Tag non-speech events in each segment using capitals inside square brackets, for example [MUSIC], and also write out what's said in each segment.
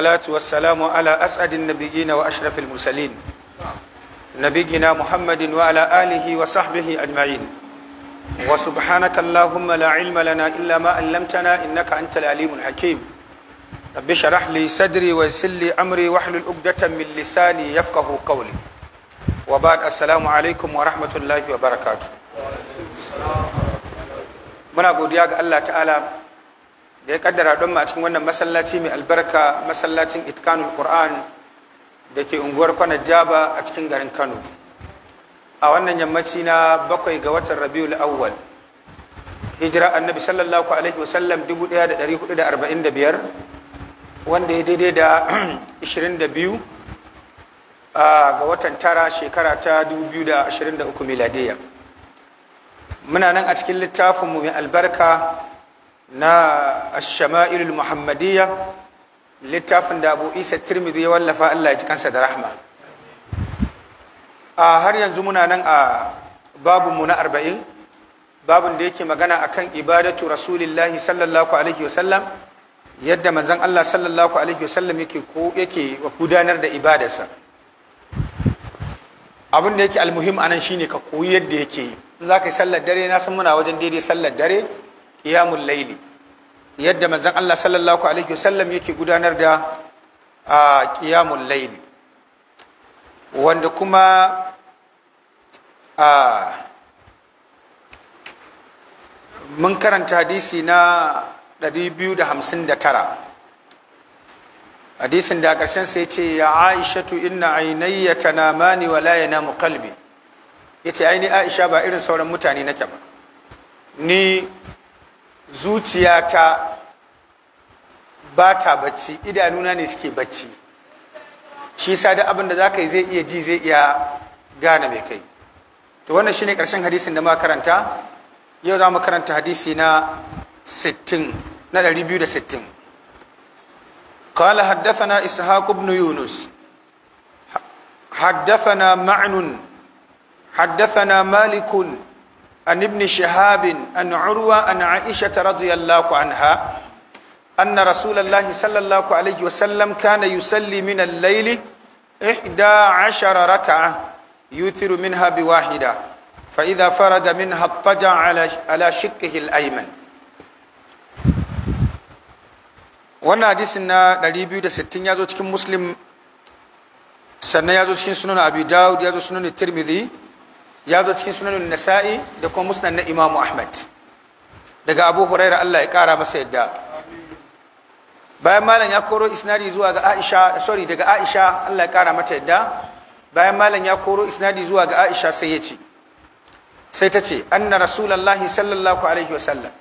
salatu wassalamu ala as'adin nabiyina wa ashrafil mursalin nabiyina muhammadin wa ala alihi wa sahbihi ajma'in wa subhanaka allahumma la ilma lana illa ma 'allamtana innaka antal alimul hakim rabbi shrah li sadri wa yassir li amri wahlul 'uqdatan min lisani yafqahu qawli wa ba'd assalamu alaikum wa rahmatullahi wa barakatuh muna godiya ga Allah ta'ala da ya kaddara don a cikin wannan masallaci mai albarka masallacin itkanul qur'an da ke unguwar kwana jaba a cikin garin kano a wannan yammaci na bakwai ga watan rabiul awwal hijira annabi sallallahu alaihi wasallam 1445 wanda ya daidai da 22 [CLEARS THROAT] ga watan tara shekara ta 2023 miladiya muna nan a cikin littafin mu mai albarka na ashama'ilul muhammadiyya littafin da abu isa tirmidhi ya wallafa allah ya ji kansa da rahma a har yanzu muna nan a babu mu na arba'in babun da yake magana akan ibadatu rasulillahi sallallahu alaihi wasallam yadda manzon allah sallallahu alaihi wasallam yake ko yake gudanar da ibadarsa abin da yake almuhim anan shine ka koyi yadda yake yi in za ka yi sallar dare na san muna wajen daidai sallar dare qiyamul layli yadda manzon Allah sallallahu alaihi wasallam yake gudanar da a qiyamul layli wanda kuma a mun karanta hadisi na 259 hadisin da ƙarshen sai ce ya aishatu inna ainayya tanamani wa la yanamu qalbi yace aini aisha ba irin sauran mutane nake ba ni zuciyata ba ta bacci idanuna ne suke bacci shi sa da abin da za ka yi zai iya ji zai iya gane mai kai to wannan shine karshen hadisin da ma karanta yau za mu karanta hadisi na 60 na 260 قال na Yunus. بن na حدثنا معن na Malikun. عن ابن شهاب عن عروة عن عائشة رضي الله عنها أن رسول الله صلى الله عليه وسلم كان يصلي من الليل إحدى عشر ركعة يوتر منها بواحدة فإذا فرغ منها اضطجع على على شقه الأيمن wannan hadisin na 260 ya zo cikin muslim sannan ya zo cikin sunan abi dawud ya zo sunan tirmidhi ya zo cikin sunanin nasa'i da kuma musnan na imamu ahmad daga abu huraira allah ya kara masa yadda bayan malam ya koro isnadi zuwa ga aisha sorry daga aisha allah ya kara mata yadda bayan malam ya koro isnadi zuwa ga aisha sai ya ce sai ta ce anna rasulullahi sallallahu alaihi wasallam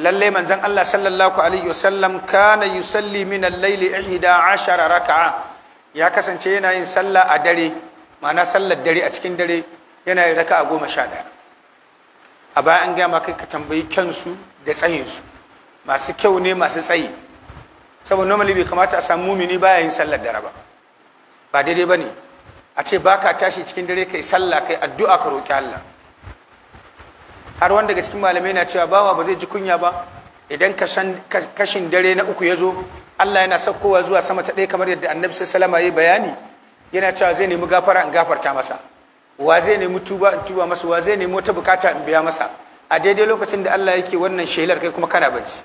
lalle manzon allah sallallahu alaihi wasallam kana yusalli min al-layli 11 raka'a ya kasance yana yin sallah a dare ma'ana sallar dare a cikin dare yana raka a goma sha ɗaya a baya an gama kai ka tambayi kyansu da tsayinsu masu kyau ne masu tsayi saboda normally bai kamata a samu mumini baya yin sallar dare ba ba daidai ba ne a ce ba ka tashi cikin dare kai sallah kai addu'a ka roƙi Allah har wanda daga cikin malamai na cewa bawa ba zai ji kunya ba idan kashin dare na uku ya zo Allah yana saukowa zuwa sama ta ɗaya kamar yadda annabi sallallahu alaihi bayani yana cewa zai nemi gafara in gafarta masa wa zai nemi tuba in tuba masa wa zai nemi wata bukata in biya masa a daidai lokacin da Allah yake wannan shelar kai kuma kana bacci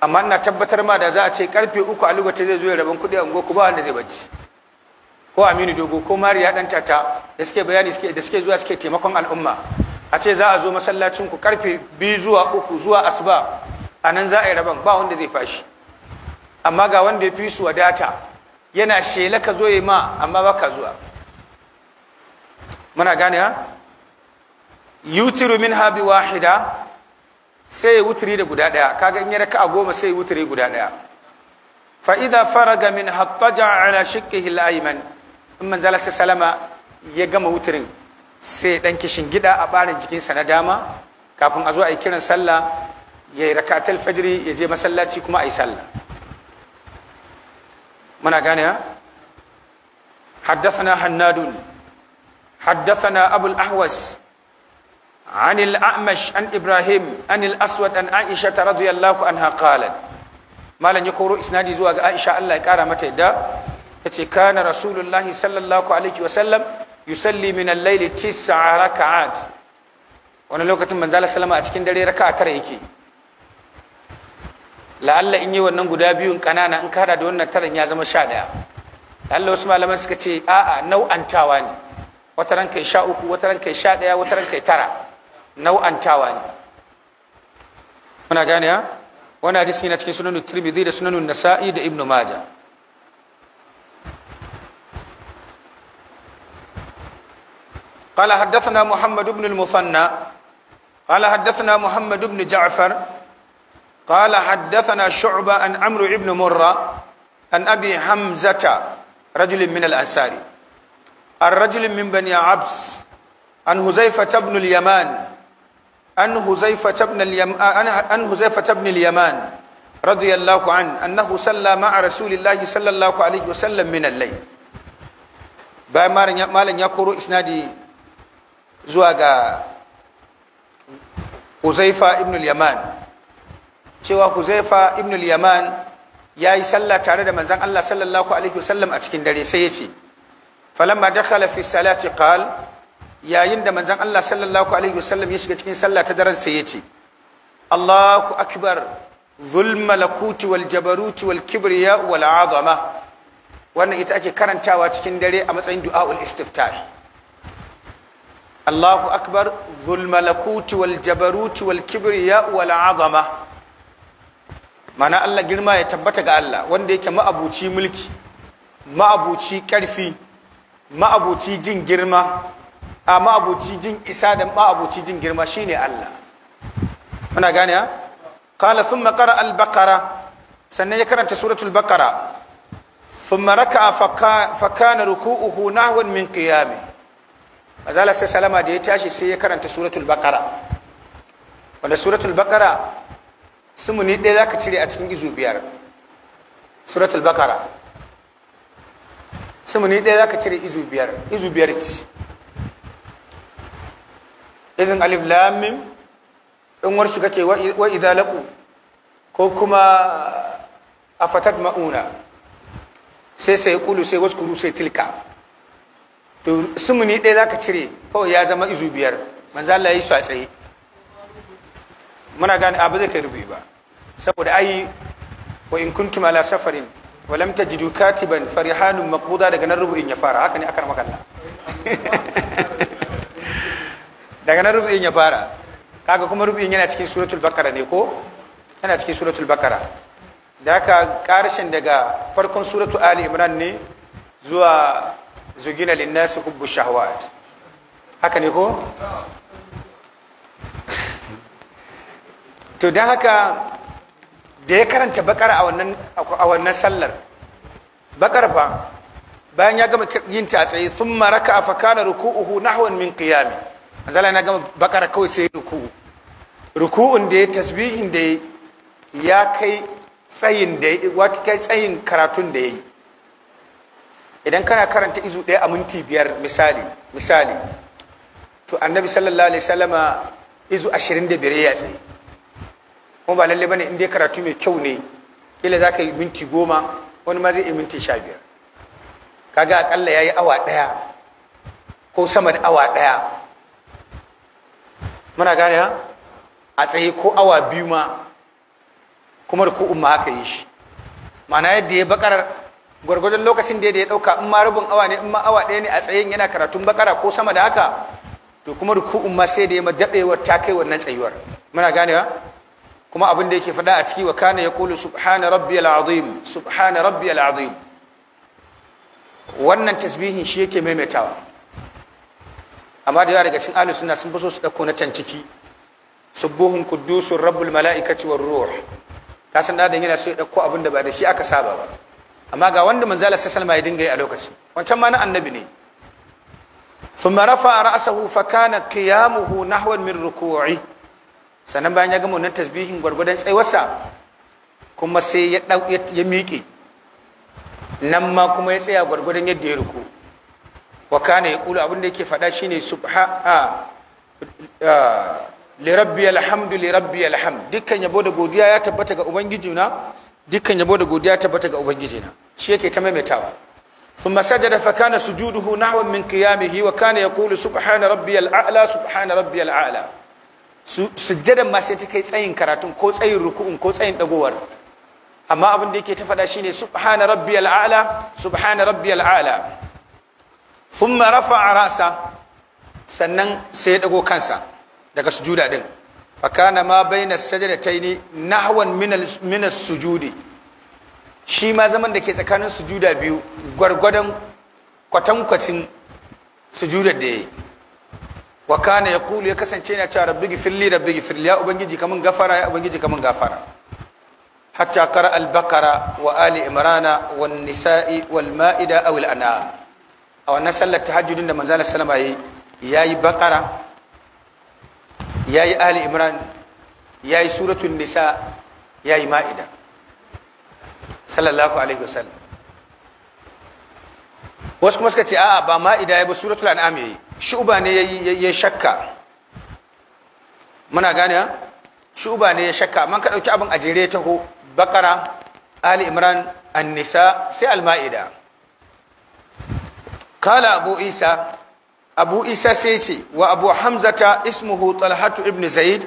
amma ina tabbatar ma da za a ce karfe uku a lokacin zai zo ya rabon kuɗi a ungo ku ba wanda zai bacci ko Aminu Dogo ko Mariya dan tata da suke bayani suke da suke zuwa suke taimakon al'umma a ce za a zo masallacin ku karfe biyu zuwa uku zuwa asuba a nan za a yi rabon ba wanda zai fashi amma ga wanda ya fi su wadata yana shela ka zo ya ma amma ba ka zuwa muna gane ha yutiru min habi wahida sai ya wuturi da guda daya kaga in yi raka a goma sai ya wuturi guda daya fa idza faraga min hattaja ala shikkihi al-ayman in manzala salama ya gama wuturin sai dan kishin gida a barin sa na dama kafin a zo a yi kiran sallah ya yi rakatul fajri ya je masallaci kuma a yi sallah muna gane ha haddathana hannadun حدثنا أبو الأحوس عن الأعمش عن إبراهيم عن الأسود an عائشة رضي الله عنها قالت ما لن يكورو إسنادي زواج عائشة الله كارا متى yace kana rasulullahi sallallahu alaihi wasallam yusalli min al-layli tis'a raka'at wani lokacin manzo sallama a cikin dare raka'a tara yake la'alla in yi wannan guda biyun kanana in kada da wannan taran ya zama sha daya la'alla wasu malaman suka ce a'a nau'antawa ne wata ran sha uku wata sha ɗaya wata ran tara nau'antawa ne muna gane ha wani hadisi na cikin sunanun tirmidhi da sunanun nasa'i da ibnu maja قال حدثنا محمد بن المثنى قال حدثنا محمد بن جعفر قال حدثنا شعبة عن عمرو بن مرة عن أبي حمزة رجل من الأنصار عن رجل من بني عبس عن هزيفة بن اليمان عن هزيفة بن اليم... عن هزيفة بن اليمان رضي الله عنه أنه صلى مع رسول الله صلى الله عليه وسلم من الليل باي مالن يقرو إسنادي زواغا Huzaifa ibn al-Yaman cewa Huzaifa ibn al-Yaman yayi sallah tare da manzon Allah sallallahu alaihi wasallam a cikin dare sai yace falamma dakhala fi salati qal yayin da manzan Allah sallallahu alaihi wasallam ya shiga cikin sallah ta daren sai yace Allahu akbar wannan ita ake karantawa cikin dare a matsayin du'aul istiftah Allahu akbar dhul malakuti mana Allah girma ya tabbata ga Allah wanda yake ma'abuci mulki ma'abuci karfi ma'abuci jin girma a ma'abuci jin isa da ma'abuci jin girma shine Allah muna gane ha qala thumma qara al-baqara sannan ya karanta suratul baqara thumma raka'a fa kana ruku'uhu nahwan min qiyami azala sai salama da ya tashi sai ya karanta suratul baqara wanda suratul baqara sumuni ɗaya zaka cire a cikin izu biyar suratul baqara sumuni ɗaya za ka cire izu biyar izu biyar ci izin alif lamim in warshi kake wa idalaku ko kuma a fatat ma'una sai sai kulu sai wasu kuru sai tilka to sumuni ɗaya za ka cire kawai ya zama izu biyar manzo Allah yi su a tsaye muna gane abu zai kai rubi ba saboda ayi wa in kuntum ala safarin walam tajidu katiban farihanun maqbuda daga nan rubu'in ya fara haka ne akan makalla [LAUGHS] daga nan rubu'in ya fara kaga kuma rubu'in yana cikin suratul bakara ne ko yana cikin suratul bakara da haka karshen daga farkon suratu ali imran ne zuwa zugina linnasi hubbu shahawat haka ne ko [LAUGHS] to dan haka da ya karanta bakar a wannan sallar bakar fa bayan ya gama yin ta tsaye sun maraka a fakana ruku'uhu nahwan min qiyami manzala na gama bakar kawai sai ruku'u ruku'un da ya tasbihin da ya kai tsayin da wata kai tsayin karatun da ya yi idan kana karanta izu ɗaya a minti biyar misali misali to annabi sallallahu alaihi wasallama izu ashirin da biyar ya tsaye kuma ba lalle bane in dai karatu mai kyau ne kila za ka yi minti goma wani ma zai yi minti sha biyar kaga akalla ya yi awa ɗaya ko sama da awa ɗaya muna gane ha a tsaye ko awa biyu ma kuma da ko ma haka yi shi ma'ana yadda ya bakar gwargwadon lokacin da ya ɗauka in ma rubin awa ne in ma awa ɗaya ne a tsayin yana karatun bakara ko sama da haka to kuma da ma sai da ya ma daɗewar ta kai wannan tsayuwar muna gane ha kuma abin da yake faɗa a ciki wa kana kulu subhana rabbi azim subhana rabbi azim wannan tasbihin shi yake maimaitawa amma da yawa daga cikin ahlus sunna sun fi so su dauko na can ciki subuhun quddusur rabbul malaikati war ruh ka san da yana so ya dauko abin da ba da shi aka saba ba amma ga wanda manzala sallallahu ya dinga yi a lokaci wancan ma na annabi ne thumma rafa'a ra'sahu fa kana qiyamuhu nahwan min ruku'i sannan bayan ya gama wannan tasbihin gwargwadon tsayuwarsa kuma sai ya ya miƙe nan ma kuma ya tsaya gwargwadon yadda ya ruku wa kana yaqulu abin da yake faɗa shine subha li rabbi alhamdu li rabbi alhamd dukkan yabo da godiya ya tabbata ga ubangijina dukkan yabo da godiya tabbata ga ubangijina shi yake ta maimaitawa ثم سجد فكان kana نحو من min وكان يقول سبحان ربي الاعلى سبحان ربي subhana sujjadan ma sai ta kai tsayin karatun ko tsayin ruku'un ko tsayin dagowar amma abin da yake ta faɗa shine subhana rabbiyal a'la subhana rabbiyal a'la thumma rafa'a ra'sa sannan sai ya dago kansa daga sujuda din kana ma baina sajdataini nahwan min min sujudi shi ma zaman da ke tsakanin sujuda biyu gwargwadon kwatankwacin sujudar da yayi wa kana yaqulu ya kasance yana cewa rabbi li rabbi gifirli ya ubangiji kamun gafara ya ubangiji kamun gafara hatta qara al-baqara wa ali imrana wan nisa'i wal ma'ida aw al-an'am a wannan sallar tahajjudin da manzo sallama yayi yayi baqara yayi ali imran yayi suratul nisa yayi ma'ida sallallahu alaihi wasallam wasu kuma suka ce a'a ba ma'ida ya ba suratul an'am yayi shuba ne ya shakka muna gane shuba ne ya shakka man ka ɗauki abin a ta taho bakara ali imran annisa sai alma'ida kala abu isa abu isa sai ce wa abu hamzata ismuhu talhatu ibn zaid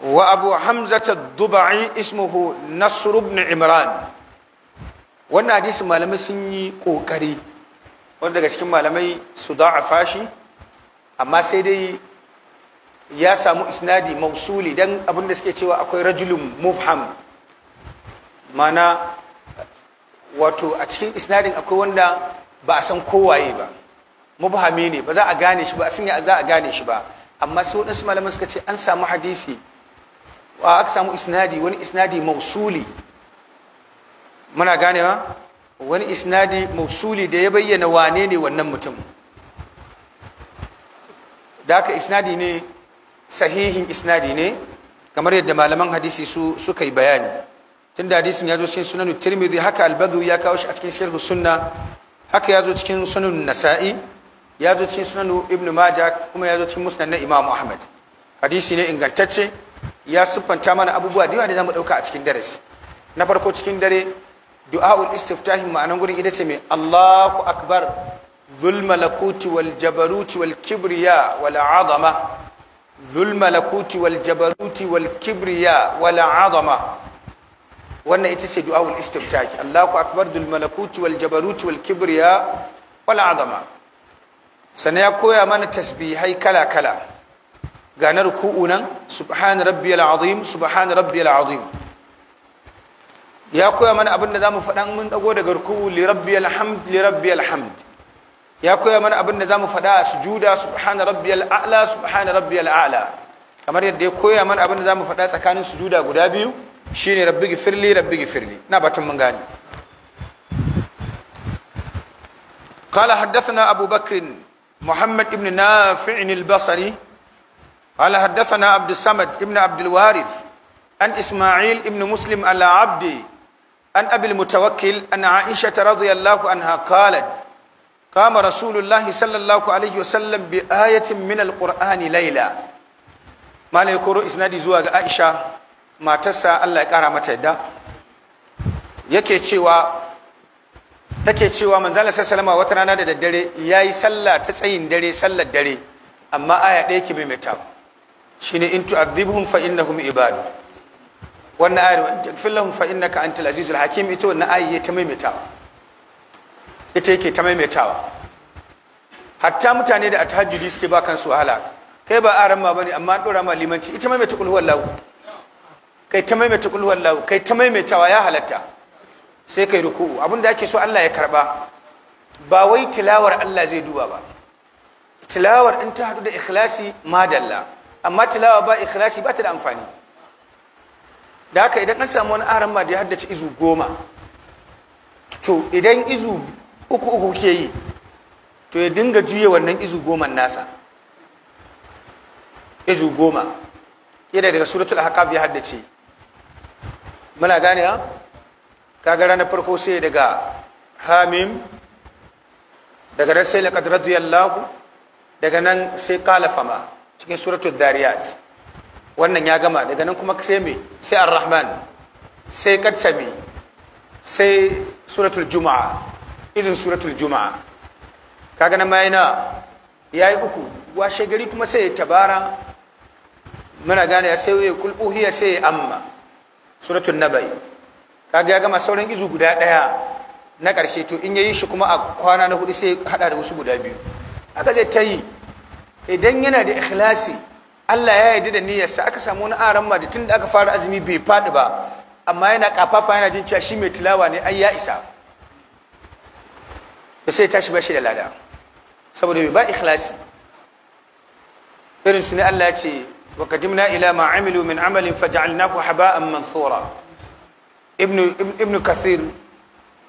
wa abu hamzata duba'i ismuhu nasru ibn imran wannan hadisi malamai sun yi ƙoƙari wanda daga cikin malamai su a fashi amma sai dai ya samu isnadi mausuli dan abinda suke cewa akwai rajulun mufham mana wato a cikin isnadin akwai wanda ba a san kowaye ba mufhami ne ba za a gane shi ba a sanya za a gane shi ba amma sai waɗansu malamai suka ce an samu hadisi aka samu isnadi wani isnadi mausuli muna ganewa wani isnadi mausuli da ya bayyana wane ne wannan mutum da aka isnadi ne sahihin isnadi ne kamar yadda malaman hadisi su suka yi bayani tun da hadisin ya zo cikin sunan tirmidhi haka albadu ya kawo shi a cikin shirhu sunna haka ya zo cikin sunan nasa'i ya zo cikin sunan ibnu maja kuma ya zo cikin musnad na imamu ahmad hadisi ne ingantacce ya siffanta mana abubuwa da yawa da zamu dauka a cikin darasi na farko cikin dare du'a'ul istiftahi ma'anan gurin ita ce mai Allahu akbar dhul malakuti wal jabaruti wal kibriya wal azama dhul malakuti wal jabaruti wal kibriya wal azama wannan ita ce du'a'ul istiftahi Allahu akbar dhul malakuti wal jabaruti wal kibriya wal azama sannan ya koya mana tasbihai kala kala ga na ruku'u nan subhan rabbiyal azim subhan rabbiyal azim ya koya mana abin da za mu faɗa mun dago daga ruku'u li rabbi hamd li rabbi alhamd ya koya mana abin da za mu faɗa a sujuda subhana rabbi alala subhana rabbi alala kamar yadda ya koya mana abin da za mu faɗa tsakanin sujuda guda biyu shine rabbi gifirli rabbi gifirli na batun mun gane قال حدثنا أبو بكر محمد بن نافع البصري قال حدثنا عبد الصمد بن عبد الوارث عن إسماعيل بن مسلم على عبدي an abil mutawakkil an aisha ta razu yallahu an haƙala kama rasulullahi sallallahu alaihi wasallam bi ayatin min alƙur'ani laila malai koro isnadi zuwa ga aisha matarsa allah ya ƙara mata yadda yake cewa ta cewa manzala sassalama wata rana da daddare ya yi salla ta tsayin dare sallar dare amma aya ɗaya ke mai mai shi ne in tu'adzibuhun fa'in na kuma ibadu wannan ayar wa tagfir lahum fa innaka antal azizul hakim ita wannan ayar ta maimaitawa ita yake ta maimaitawa hatta mutane da tahajjudi suke ba kansu wahala kai ba aran ma bane amma dora ma limanci ita maimaita kul huwallahu kai ta maimaita kul huwallahu kai ta maimaitawa ya halatta sai kai ruku'u abinda ake so Allah ya karba ba wai tilawar Allah zai duba ba tilawar in ta hadu da ikhlasi madalla amma tilawa ba ikhlasi ba ta da amfani da haka idan an samu wani aran ma da ya haddace izu goma to idan izu uku uku ke yi to ya dinga juya wannan izu goman nasa izu goma yadda daga suratul ahqaf ya haddace muna gane ha kaga na farko sai daga hamim daga nan sai laqad radiyallahu daga nan sai qala fama cikin suratul dariyat wannan ya gama daga nan kuma sai me sai ar-rahman sai katsami sai suratul juma'a izin suratul juma'a kaga nan mai na yayi uku washe gari kuma sai tabara muna gane ya sai ya sai amma suratul nabai kaga ya gama sauran izu guda daya na karshe to in yayi shi kuma a kwana na hudu sai hada da wasu guda biyu aka je tayi idan yana da ikhlasi Allah ya yarda da niyyarsa aka samu wani aran ma da da aka fara azumi bai faɗi ba amma yana kafafa yana jin cewa shi mai tilawa ne ai ya isa da sai tashi ba shi da lada saboda bai ba ikhlasi irin su ne Allah ya ce wa qadimna ila ma amilu min amalin faj'alnahu haba'an manthura ibnu ibnu kathir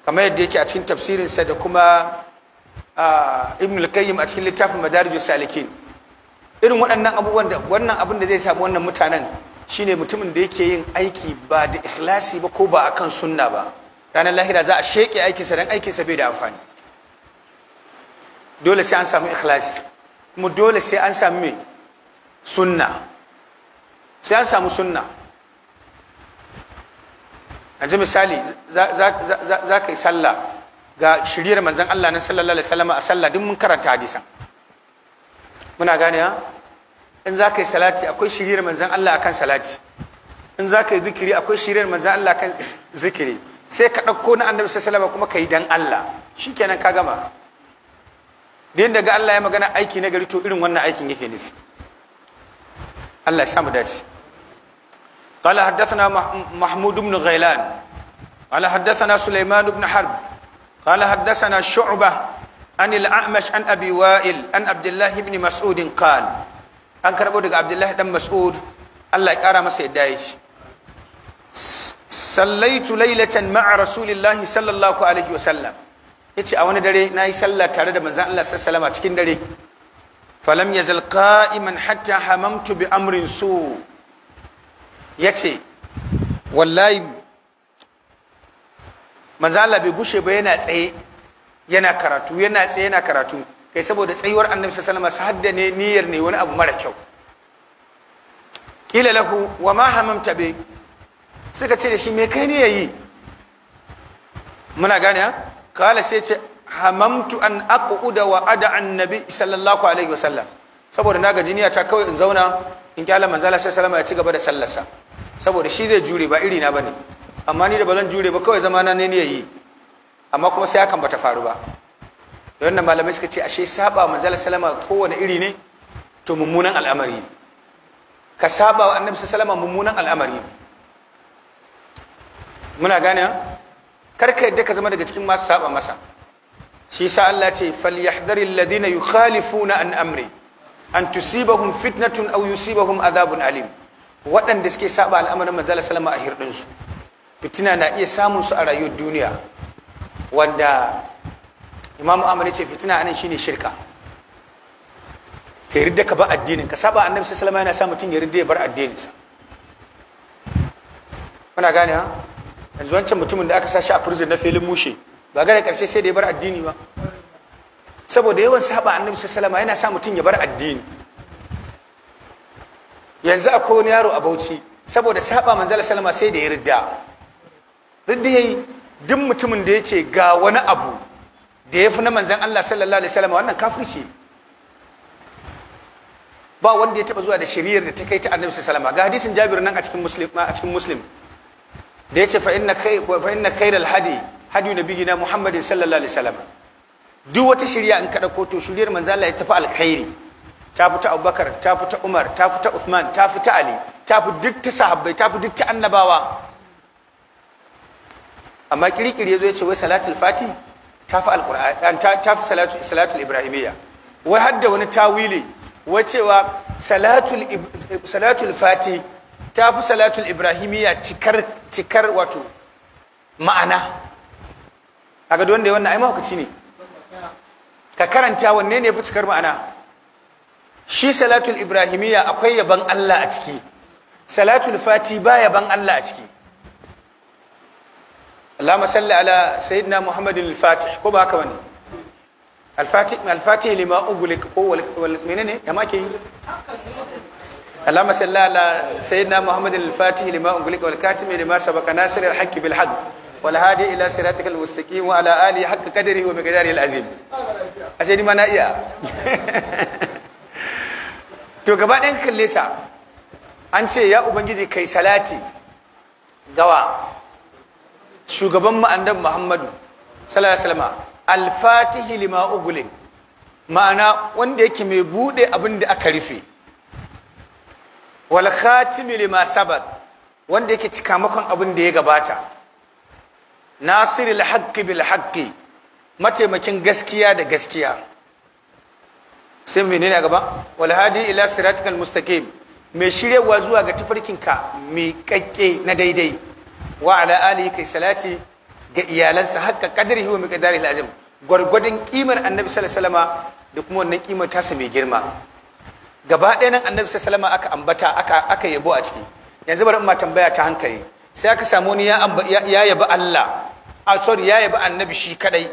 kamar yadda yake a cikin tafsirinsa da kuma ah, ibnu al a cikin littafin madarijus salikin irin waɗannan abubuwan da wannan abin da zai samu wannan mutanen shine mutumin da yake yin aiki ba da ikhlasi ba ko ba akan sunna ba ranar lahira za a sheke aikinsa don aikinsa bai da amfani dole sai an samu ikhlasi kuma dole sai an samu mai sunna sai an samu sunna a ji misali za ka yi sallah ga shiriyar manzan Allah na sallallahu alaihi wasallam a sallah duk mun karanta hadisan muna gane in za ka yi salati akwai shiriyar manzan Allah akan salati in za ka yi zikiri akwai shiriyar manzan Allah akan zikiri sai ka ɗauko na annabi salama kuma ka yi dan Allah shikenan ka gama din daga Allah ya magana aiki na gari to irin wannan aikin yake nufi Allah ya samu dace قال حدثنا محمود بن غيلان قال حدثنا سليمان بن حرب قال حدثنا Shu'uba. عن الأعمش عن أبي وائل عن عبد الله بن مسعود قال an karɓo daga abdullahi dan mas'ud allah ya masa yadda ya ce sallaitu lailatan ma'a rasulillahi sallallahu alaihi wa sallam yace a wani dare na yi sallah tare da manzon Allah sallallahu alaihi cikin dare falam yazal qa'iman hatta hamamtu bi amrin su yace wallahi manzon Allah bai gushe ba yana tsaye yana karatu yana tsaye yana karatu kai saboda tsayuwar annabi sallallahu alaihi wasallam sahadda ne niyyar ne wani abu mara kyau kila lahu wa ma hamamta bi suka ce da shi me kai ne yayi muna gane kala sai ce hamamtu an aqudu wa ada annabi sallallahu alaihi wasallam saboda na gaji niyya ta kawai in zauna in kyala manzala alaihi wasallam ya ci gaba da sallarsa saboda shi zai jure ba iri na bane amma ni da bazan jure ba kawai zamana ne ne yayi amma kuma sai hakan bata faru ba don nan malamai suka ce ashe saba manzal salama kowane iri ne to mummunan al'amari ka saba wa annabi salama mummunan al'amari muna gane kar ka yadda ka zama daga cikin masu saba masa shi sa Allah ce falyahdari alladhina yukhalifuna an amri an tusibahum fitnatun aw yusibahum adhabun alim waɗanda suke saba al'amarin manzal salama a su fitina na iya samun su a rayuwar duniya wanda imamu amali ce fitina anan shine shirka ka yarda ka ba addinin ka saba annabi sallallahu alaihi wasallam yana sa mutum ya yarda ya bar addininsa kuna gane ha yanzu wancan mutumin da aka sashi a prison na filin mushe ba gane karshe sai da ya bar addini ba saboda yawan saba annabi sallallahu alaihi yana sa mutum ya bar addini yanzu akwai wani yaro a Bauchi saboda saba manzala sallama sai da ya ridda ridda yayi duk mutumin da ya ce ga wani abu da ya fi na manzan Allah sallallahu alaihi wasallam wannan kafirci ba wanda ya taba zuwa da shiriyar da ta kai ta annabi sallallahu ga hadisin Jabir nan a cikin muslim a cikin muslim da yace fa inna khay fa inna khairal hadi hadi nabiyina Muhammadin sallallahu alaihi wasallam duk wata shiriya in ka dauko to shiriyar manzan Allah ya tafi alkhairi ta fi ta Abubakar ta fi ta Umar ta fi ta Uthman ta fi ta Ali ta fi duk ta sahabbai ta fi duk ta annabawa amma kirkiri ya ce wai salatul fati fi alkur'an ta salatu salatul ibrahimiyya wai hadda wani tawili wai cewa salatul Fati ta fi salatul ibrahimiyya cikar cikar wato ma'ana kaga don da wannan ai mahaukaci ne ka karanta wanne ne fi cikar ma'ana shi salatul ibrahimiyya akwai yaban Allah a ciki salatul fati ba yaban Allah a ciki اللهم صل على سيدنا محمد الفاتح كوبا كوني الفاتح الفاتح لما أغلق منين يا ماكي اللهم صل على سيدنا محمد الفاتح لما أغلق والكاتم لما سبق ناصر الحق بالحق والهادي إلى صراطك المستقيم وعلى آله حق قدره ومقداره العظيم أسيدي ما نائيا to gaba ɗayan kalle ta an ce ya ubangiji kai salati gawa shugaban mu Muhammadu sallallahu alaihi wasallam lima ugule ma'ana wanda yake mai bude abin da aka rufe wal khatimi lima sabaq wanda yake cika makon abin da ya gabata nasiril haqqi bil haqqi mataimakin gaskiya da gaskiya sai menene a gaba Walhadi hadi ila siratikal mustaqim mai shiryawa zuwa ga tafarkinka mai kakke na daidai wa ala alihi kai salati ga iyalansa hakka qadrihi wa miqdarihi al-azim gwargwadon kimar annabi sallallahu alaihi wasallama da kuma wannan kimar tasa mai girma gaba ɗaya nan annabi sallallahu alaihi aka ambata aka aka yabo a ciki yanzu bari ma tambaya ta hankali sai aka samu wani ya ya yabi Allah a ah, sorry ya yabi annabi shi kadai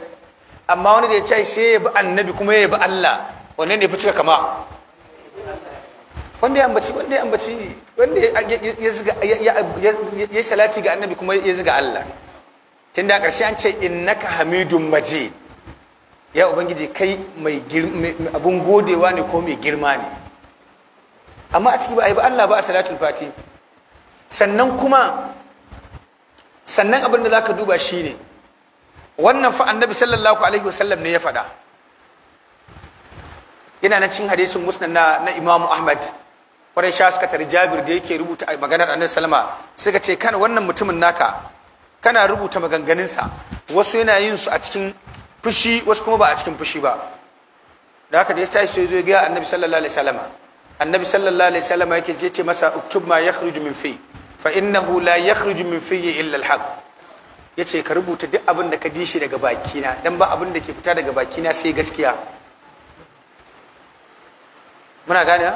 amma wani da ya ce sai ya yabi annabi kuma ya yabi Allah wannan ne fi cika kama wanda ya ambaci wanda ya ambaci wanda ya ziga ya salati ga annabi kuma ya ziga Allah tun da ƙarshe an ce innaka hamidun majid ya ubangiji kai mai abun godewa ne ko mai girma ne amma a ciki ba a yi ba Allah ba a salatul fati sannan kuma sannan abin da zaka duba shine wannan fa annabi sallallahu alaihi wasallam ne ya faɗa yana na cin hadisin musnad na Imam Ahmad kwarai sha suka tari jabir da yake rubuta maganar annabi salama suka ce kan wannan mutumin naka kana rubuta maganganunsa wasu yana yin su a cikin fushi wasu kuma ba a cikin fushi ba da haka da ya tashi zo ga annabi sallallahu alaihi annabi sallallahu alaihi yake je ce masa uktub ma yakhruju min fi fa innahu la yakhruju min fi illa alhaq yace ka rubuta duk abin da ka ji shi daga bakina dan ba abin da ke fita daga bakina sai gaskiya muna gane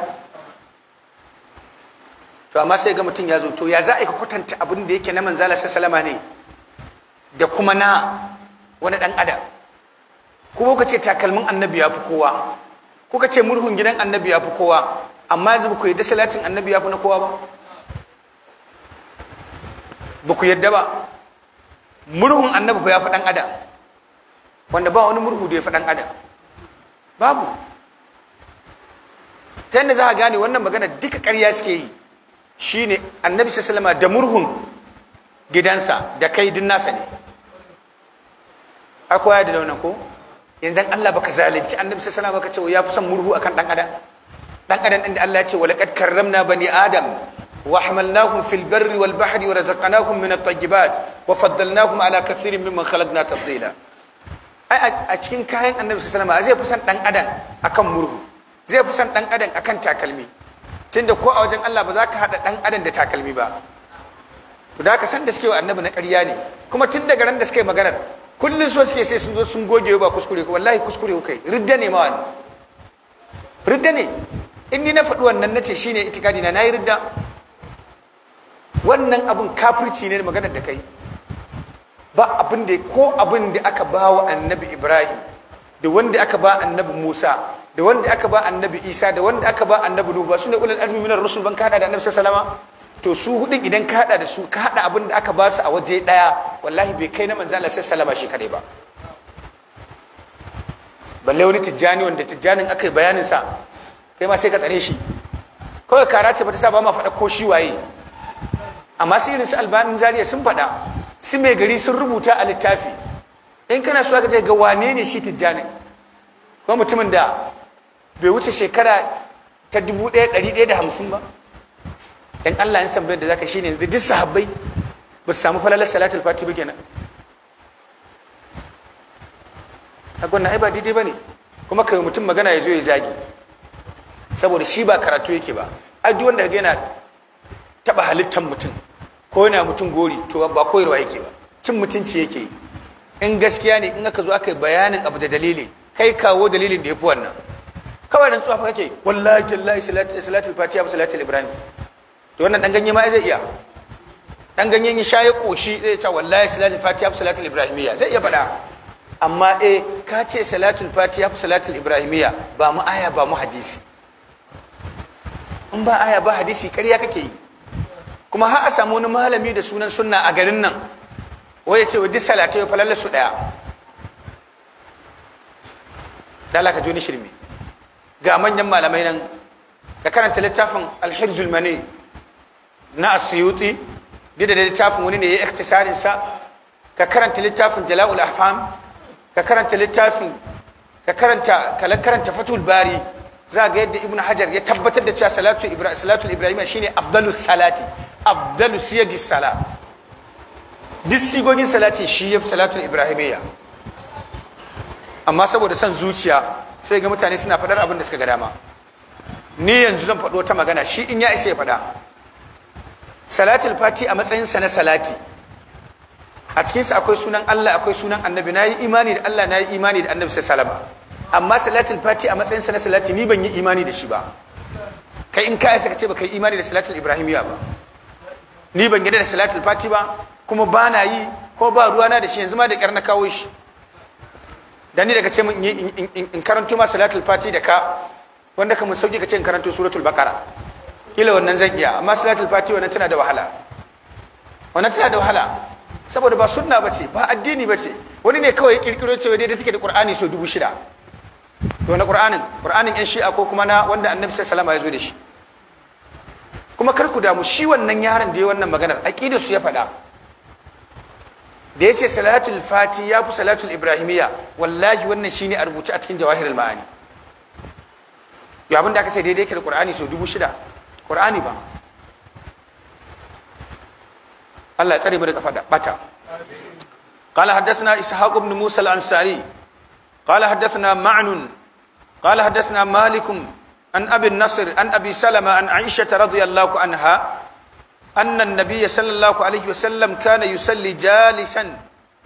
to amma sai ga mutum ya zo to ya za a yi kwatanta abin da yake na manzala salama ne da kuma na wani dan adam ko kuka ce takalmin annabi ya fi kowa kuka ce murhun gidan annabi ya fi kowa amma yanzu ku yadda salatin annabi ya fi na kowa ba ba ku yadda ba murhun annabi ya fi dan adam wanda ba wani murhu da ya fi dan adam babu ta yadda za a gane wannan magana duka ƙarya suke yi shine annabi sallama da murhun gidansa da kai din nasa ne akwai ya da ko yanzu Allah baka zalunci annabi sallama baka ce ya fi son murhu akan dan adam dan adam din da Allah ya ce walaqad karramna bani adam wa hamalnahum fil barri wal a cikin kayan annabi sallama zai fi son dan adam akan murhu zai fi dan akan takalmi tunda ko a wajen Allah ba za ka haɗa ɗan adam da takalmi ba to da ka san da suke wa annabi na ƙarya ne kuma tun daga ran da suka yi maganar kullum so suke sai sun zo sun goge ba kuskure ko wallahi kuskure ku kai ridda ne ma wannan ridda ne in ni na faɗi wannan shi shine itikadi na nayi ridda wannan abun kafirci ne maganar da kai ba abin da ko abin da aka ba wa annabi Ibrahim da wanda aka ba annabi Musa da wanda aka ba annabi isa da wanda aka ba annabi nuhu ba su ne ulul azmi minar rusul ban kada da annabi sallama to su hudun idan ka hada da su ka hada abin da aka ba su a waje daya wallahi bai kai na manzo Allah sallama shi kadai ba balle wani tijjani wanda tijjanin aka yi bayanin sa kai ma sai ka tsare shi kawai kara ce bata sa ba ma faɗa ko shi waye amma sai irin su albanin zariya sun faɗa su mai gari sun rubuta a littafi in kana so ka je ga wane ne shi tijjanin ko mutumin da bai wuce shekara ta 1150 ba dan Allah in tambayar da zaka shine yanzu duk sahabbai ba su samu falalar salatul fati ba kenan agon na ai ba daidai bane kuma kai mutum magana ya zo ya zagi saboda shi ba karatu yake ba ai duk wanda yana taba halittar mutum ko yana mutum gori to ba koyarwa yake ba cin mutunci yake in gaskiya ne in aka zo aka yi bayanin abu da dalili kai kawo dalilin da ya fi wannan kawai rantsuwa fa kake wallahi tallahi salatul fatiha ba salatul ibrahim to wannan dan ganye ma zai iya dan ganye ni shaye koshi zai ce wallahi salatul fatiha ba salatul ibrahimiya zai iya faɗa amma eh ka ce salatul fatiha ba salatul ibrahimiya ba mu aya ba mu hadisi in ba aya ba hadisi ƙarya kake yi kuma har a samu wani malami da sunan sunna a garin nan waye ce wa duk salatai falalla su daya. dalaka joni shirme ga manyan malamai nan ka karanta littafin alhirzul mani na asiyuti dida da littafin wani ne ya iktisarin sa ka karanta littafin jala'ul afham ka karanta littafin ka karanta ka karanta fatul bari za ga yadda ibnu hajar ya tabbatar da cewa salatu ibrahim salatu ibrahim shine afdalus salati afdalus siyagi sala duk sigogin salati shi ya salatu ibrahimiyya amma saboda son zuciya sai ga mutane suna faɗar abin da suka ga dama ni yanzu zan faɗo ta magana shi in ya isa ya faɗa salatul fati a matsayinsa na salati a cikinsa akwai sunan Allah akwai sunan annabi na yi imani da Allah na yi imani da annabi sai salama amma salatul fati a matsayinsa na salati ni ban yi imani da shi ba kai in ka isa ka ce ba kai imani da salatul ibrahimiyya ba ni ban gida da salatul fati ba kuma ba na yi ko ba ruwa ruwana da shi yanzu ma da kyar na kawo shi da ni daga ce in karanto ma salatul fati da ka wanda ka mun sauki ka ce in karanto suratul baqara kila wannan zan iya amma salatul fati wannan tana da wahala wannan tana da wahala saboda ba sunna bace ba addini bace wani ne kawai ya kirkiro cewa daidai take da qur'ani so dubu shida to na qur'anin qur'anin yan shi'a ko kuma na wanda annabi sallallahu alaihi wasallam ya zo da shi kuma kar ku damu shi wannan yaron da ya wannan maganar aqidarsu ya faɗa da ya ce salatul fati ya fi salatul ibrahimiyya wallahi wannan shine a rubuce a cikin jawahirul ma'ani ya abin da aka ce daidai ke da qur'ani so dubu shida qur'ani ba Allah ya tsare mu daga fada bata قال حدثنا إسحاق بن موسى الأنصاري قال حدثنا معن قال حدثنا مالك عن أبي النصر عن أبي سلمة عن عائشة رضي الله عنها أن النبي صلى الله عليه وسلم كان يصلي جالسا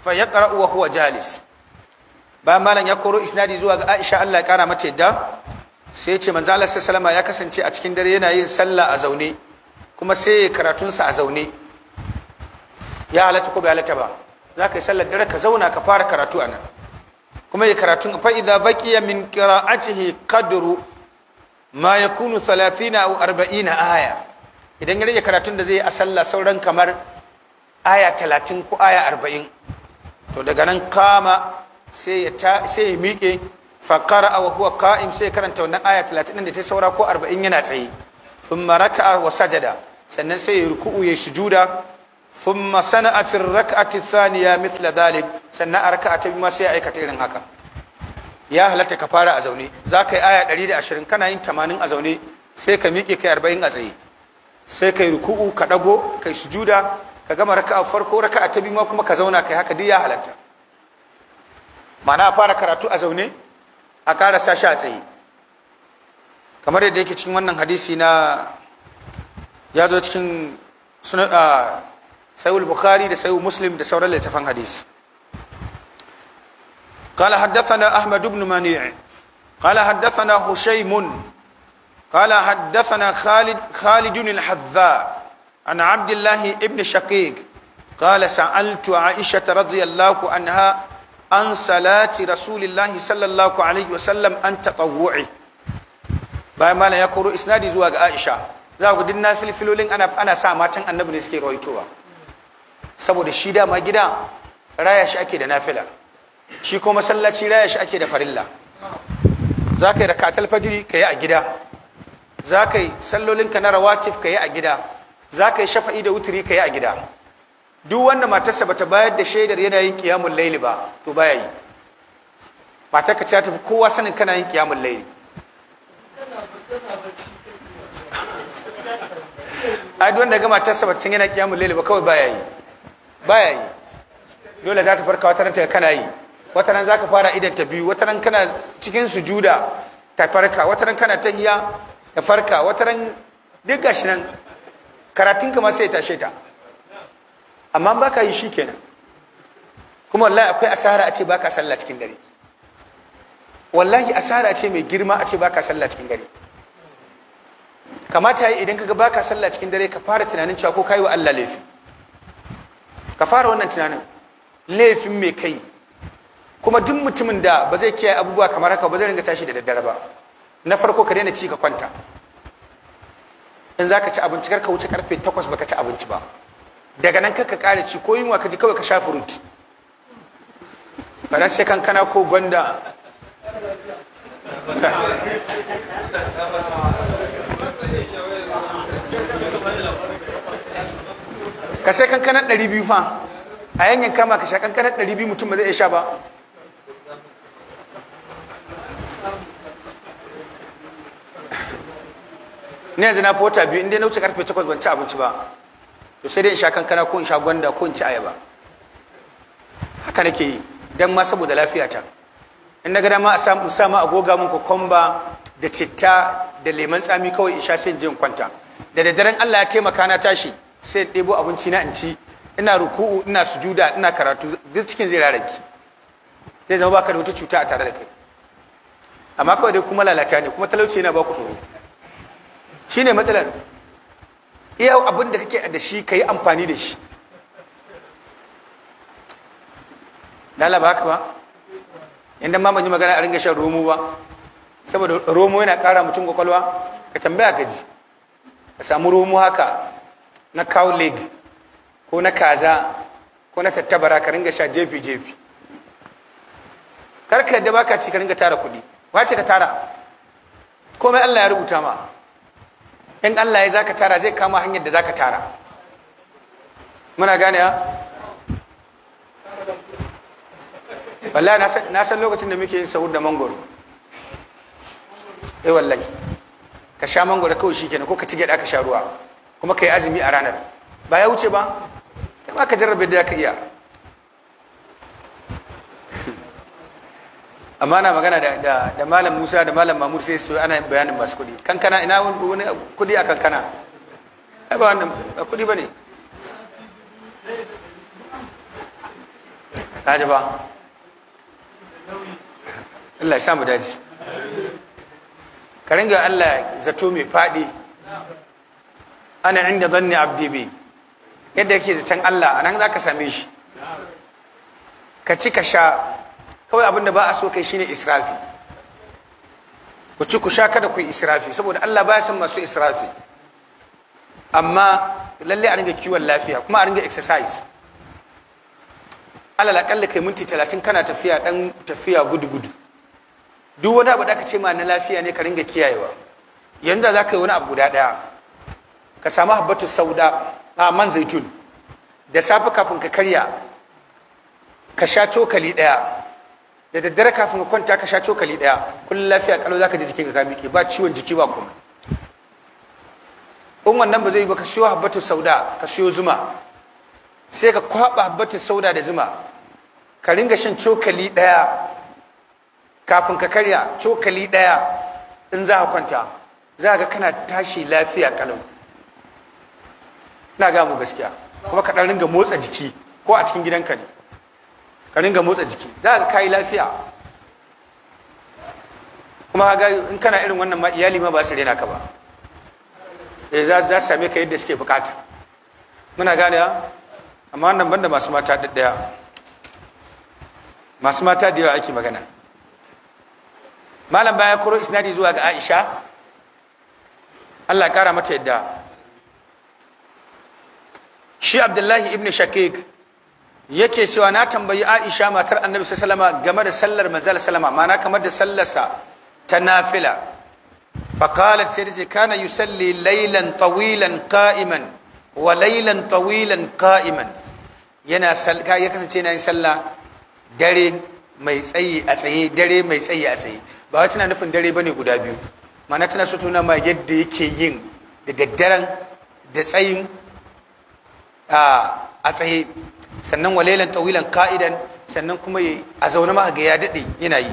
فيقرأ وهو جالس ba malam ya koro isnadi zuwa ga Aisha Allah ya kara mata yadda sai ce manzo Allah sallallahu alaihi ya kasance a cikin dare yana yin sallah a zaune kuma sai ya karatun sa a zaune ya halatta ko bai halatta ba za ka yi sallar dare ka zauna ka fara karatu a nan. kuma ya karatun fa idza baqiya min qira'atihi qadru ma yakunu 30 aw 40 aya idan ya rage karatun da zai a sallah sauran kamar aya talatin ko aya arba'in to daga nan kama sai ya miƙe fakara a wahuwa ka'im sai karanta wannan aya talatin da ta saura ko arba'in yana tsaye sun maraka wa sajada sannan sai ya ruku'u ya sujuda sun masana a fin raka'ati thaniya mithla dhalik sannan a raka'a ta ma sai ya aikata irin haka ya halatta ka fara a zaune za ka yi aya 120 kana yin 80 a zaune sai ka miƙe kai 40 a tsaye sai kai ruku'u ka dago kai sujuda ka gama raka'a farko raka'a ta biyu kuma ka zauna kai haka duk ya halatta ma'ana fara karatu a zaune a karasa shi a tsaye kamar yadda yake cikin wannan hadisi na ya zo cikin sayul bukhari da sayul muslim da sauran littafan hadisi قال حدثنا أحمد بن منيع قال حدثنا هشيم قال حدثنا خالد خالد الحذاء عن عبد الله ابن شقيق قال سألت عائشة رضي الله عنها عن صلاة رسول الله صلى الله عليه وسلم أن تطوعي bayan malam ya koro isnadi zuwa ga Aisha za ku dinna filfilolin ana ana sa matan annabi ne suke rawaitowa saboda shi dama gida raya shi ake da nafila shi kuma masallaci raya shi ake da farilla za ka yi rakatul fajiri ka yi a gida za ka yi sallolinka na rawatif ka yi a gida za ka yi shafa'i da wuturi ka yi a gida duk wanda matarsa bata bayar da shaidar yana yin kiyamun laili ba to baya yi mata ka tafi kowa sanin kana yin kiyamun laili a duk wanda ga matarsa bata san yana kiyamun laili ba kawai baya yi baya yi dole za ta farka watanan ta kana yi Watanan za ka fara idan ta biyu Watanan kana cikin sujuda ta farka Watanan kana ta iya ya farka wata ran duk gashi nan karatun kama sai ta sheta amma ba ka yi shi kenan kuma wallahi akwai asara a ce ba ka sallah cikin dare wallahi asara a ce mai girma a ce ba ka sallah cikin dare kamata yi idan kaga ba ka sallah cikin dare ka fara tunanin cewa ko ka yi wa Allah laifi ka fara wannan tunanin laifin mai kai kuma duk mutumin da ba zai kiyaye abubuwa kamar haka ba zai ringa tashi da daddare ba na farko ka daina ci ka kwanta in za ka ci abinci kar ka wuce karfe takwas baka ci abinci ba daga nan kar ka kare ci ko yunwa ka ji kawai ka sha furut bana sai kankana ko gwanda ka sai kankana ɗari biyu fa a yanyan kama ka sha kankana ɗari biyu mutum ba zai iya sha ba ni yanzu na fi wata biyu inda na wuce karfe takwas ban ci abinci ba to sai dai in sha kankana ko in sha gwanda ko in ci ayaba haka nake yi dan ma saboda ta in na gada ma a samu a goga min kokomba da citta da lemon tsami kawai in sha sai in je in kwanta da daddaren Allah ya taimaka na tashi sai ɗebo abinci na in ci ina ruku'u ina sujuda ina karatu duk cikin zai rarraki zai zama baka da wata cuta a tare da kai amma kawai dai kuma lalata ne kuma talauci yana ba ku tsoro Shi ne matsalar iya abin da kake da shi ka yi amfani da shi lalaba haka ba inda ma ban yi magana a ringa shan romo ba saboda romo yana kara mutum kwakwalwa ka tambaya ka ji ka samu romo haka na cow leg ko na kaza ko na tattabara ka ringa sha jefi jefi karka yadda baka ci ka ringa tara kuɗi wace ka tara komai Allah ya rubuta ma in Allah ya zaka tara zai kama hanyar da zaka tara muna gane ha wallahi na san lokacin da muke yin sahur da mangoro eh wallahi ka sha mangoro kawai shikenan ko ka ci da ka sha ruwa kuma kai azumi a ranar ba ya wuce ba kai ma ka jarrabe da ka iya amma na magana da malam Musa da malam Mamur sai su ana bayanin masu kudi kankana ina wani kudi a kankana ai ba wannan ba ne ta ba Allah sha mu daji karin ga Allah zato mai fadi ana inda zanni abdi bi yadda yake zaton Allah anan zaka same shi ka ci ka sha kawai abinda ba a so kai shine israfi ku ci ku sha kada ku yi israfi saboda Allah ba san masu israfi amma lalle a ringa kiwon lafiya kuma a ringa exercise alal akalla kai minti talatin kana tafiya dan tafiya gudu gudu duk wani abu da ka ce ma na lafiya ne ka ringa kiyayewa yanzu za ka yi wani abu guda daya ka samu habbatu sauda a man zaitun da safe kafin ka karya ka sha cokali daya da daddare kafin ka kwanta ka sha cokali daya kullum lafiya kalau zaka ji jikinka ka miƙe ba ciwon jiki ba kuma in wannan ba zai ba ka siyo habbatu sauda ka siyo zuma sai ka kwaba habbatu sauda da zuma ka ringa shan cokali daya kafin ka karya cokali daya in za ka kwanta za ka kana tashi lafiya kalau ina ga mu gaskiya kuma ka dan ringa motsa jiki ko a cikin gidanka ne ka ringa motsa jiki za ka kai lafiya kuma ga in kana irin wannan ma iyali ma ba su rena ka ba eh za za su same ka yadda suke bukata muna gane amma wannan banda masu mata daddaya masu mata da yawa ake magana malam baya koro isnadi zuwa ga Aisha Allah ya kara mata yadda shi Abdullahi ibn Shakik yake cewa na tambayi Aisha matar Annabi sallallahu alaihi game da sallar manzal sallama ma'ana kamar da sallarsa ta nafila faqalat sai tace kana yusalli laylan tawilan qa'iman wa laylan tawilan qa'iman yana salka ya kasance yana yin sallah dare mai tsayi a tsaye dare mai tsayi a tsaye ba wai tana nufin dare bane guda biyu ma'ana tana so tuna ma yadda yake yin da daddaren da tsayin a tsaye sannan walailan tawilan ka'idan sannan kuma a zaune ma ga ya daɗe yana yi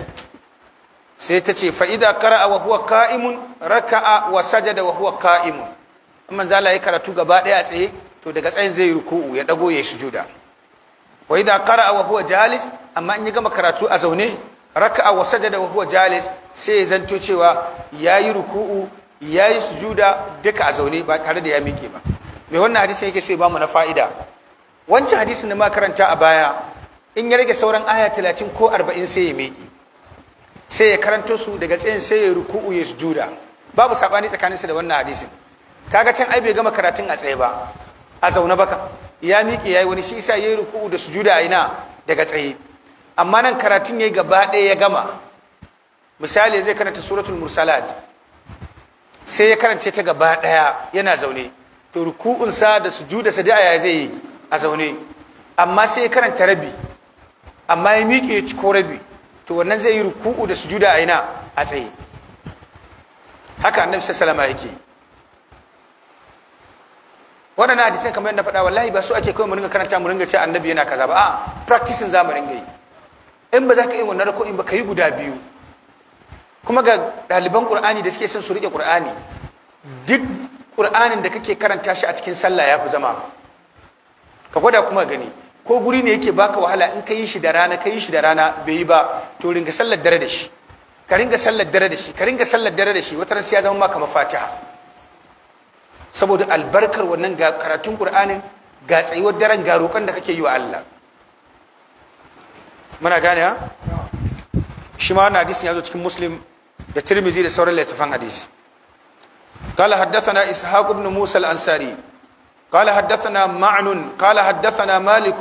sai ta ce fa'ida kara a wahuwa ka’imun raka'a wa sajada wa huwa qa'imun amma zala yi karatu gaba ɗaya a tsaye to daga tsayin zai ruku'u ya ɗago ya sujuda juda wa’ida kara a wahuwa jalis amma in ya gama karatu a zaune raka'a wa sajada wa wahuwa jalis sai ya zanto cewa ya yi ruku'u ya yayi sujuda duka a zaune ba tare da ya miƙe ba me wannan hadisi yake so ya bamu na fa'ida wancan hadisin na makaranta a baya in ya rage sauran aya talatin ko arba'in sai ya miki. sai ya karanto su daga tsayin sai ya ruku'u ya sujuda babu saɓani tsakaninsa da wannan hadisin kaga can ai bai gama karatun a tsaye ba a zaune baka ya miƙe yayi wani shi ya yayi ruku'u da sujuda a ina daga tsaye amma nan karatun yayi gaba ɗaya ya gama misali zai karanta suratul mursalat sai ya karance ta gaba ɗaya yana zaune to ruku'unsa da sujuda sa da ya zai yi a zaune amma sai karanta rabi amma ya miƙe ya ci ko rabi to wannan zai yi ruku'u da sujuda a ina a tsaye haka annabi sallama yake wannan hadisin kamar yadda faɗa wallahi ba su ake kawai mu ringa karanta mu ringa ce annabi yana kaza ba a practice za mu ringa yi in ba za ka yi wannan ba ka yi guda biyu kuma ga ɗaliban qur'ani da suke son su riƙe qur'ani duk qur'anin da kake karanta shi a cikin sallah ya fi zama ka gwada kuma gani ko guri ne yake baka wahala in ka yi shi da rana ka yi shi da rana bai yi ba to ringa sallar dare da shi ka ringa sallar dare da shi ka ringa sallar dare da shi wata ran sai ya zama maka mafatiha saboda albarkar wannan ga karatun qur'anin ga tsayuwar daren ga roƙon da kake yi wa Allah muna gane ha shi ma wannan hadisin ya zo cikin muslim da tirmizi da sauran littafan hadisi قال حدثنا إسحاق بن موسى الأنصاري قال حدثنا معن قال حدثنا مالك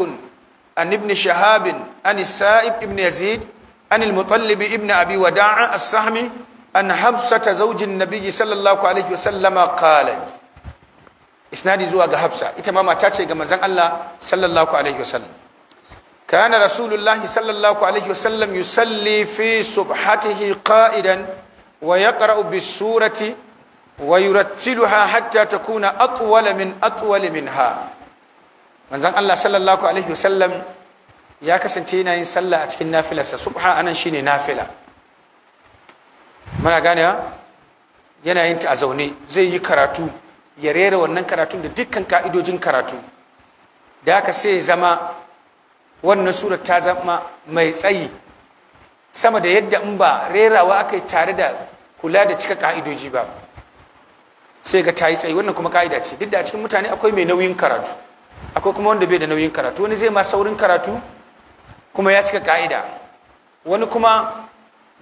عن ابن شهاب عن السائب ابن يزيد عن المطلب ابن أبي وداع السهمي أن حبسة زوج النبي صلى الله عليه وسلم قالت إسنادي زواج حبسة إتماما تاتي كما زن الله صلى الله عليه وسلم كان رسول الله صلى الله عليه وسلم يصلي في سبحته قائدا ويقرأ بالسورة wa yurattiluha hatta takuna atwala min atwala minha manzon Allah sallallahu alaihi wasallam ya kasance yana yin sallah a cikin nafilarsa subha anan shine nafila muna gane yana yin ta a zaune zai yi karatu ya rera wannan karatu da dukkan ka'idojin karatu da haka sai zama wannan sura ta zama mai tsayi sama da yadda in ba rerawa aka yi tare da kula da cika ka'idoji ba sai ga tayi tsayi wannan kuma ka'ida ce duk da a cikin mutane akwai mai nauyin karatu akwai kuma wanda bai da nauyin karatu wani zai ma saurin karatu kuma ya cika ka'ida wani kuma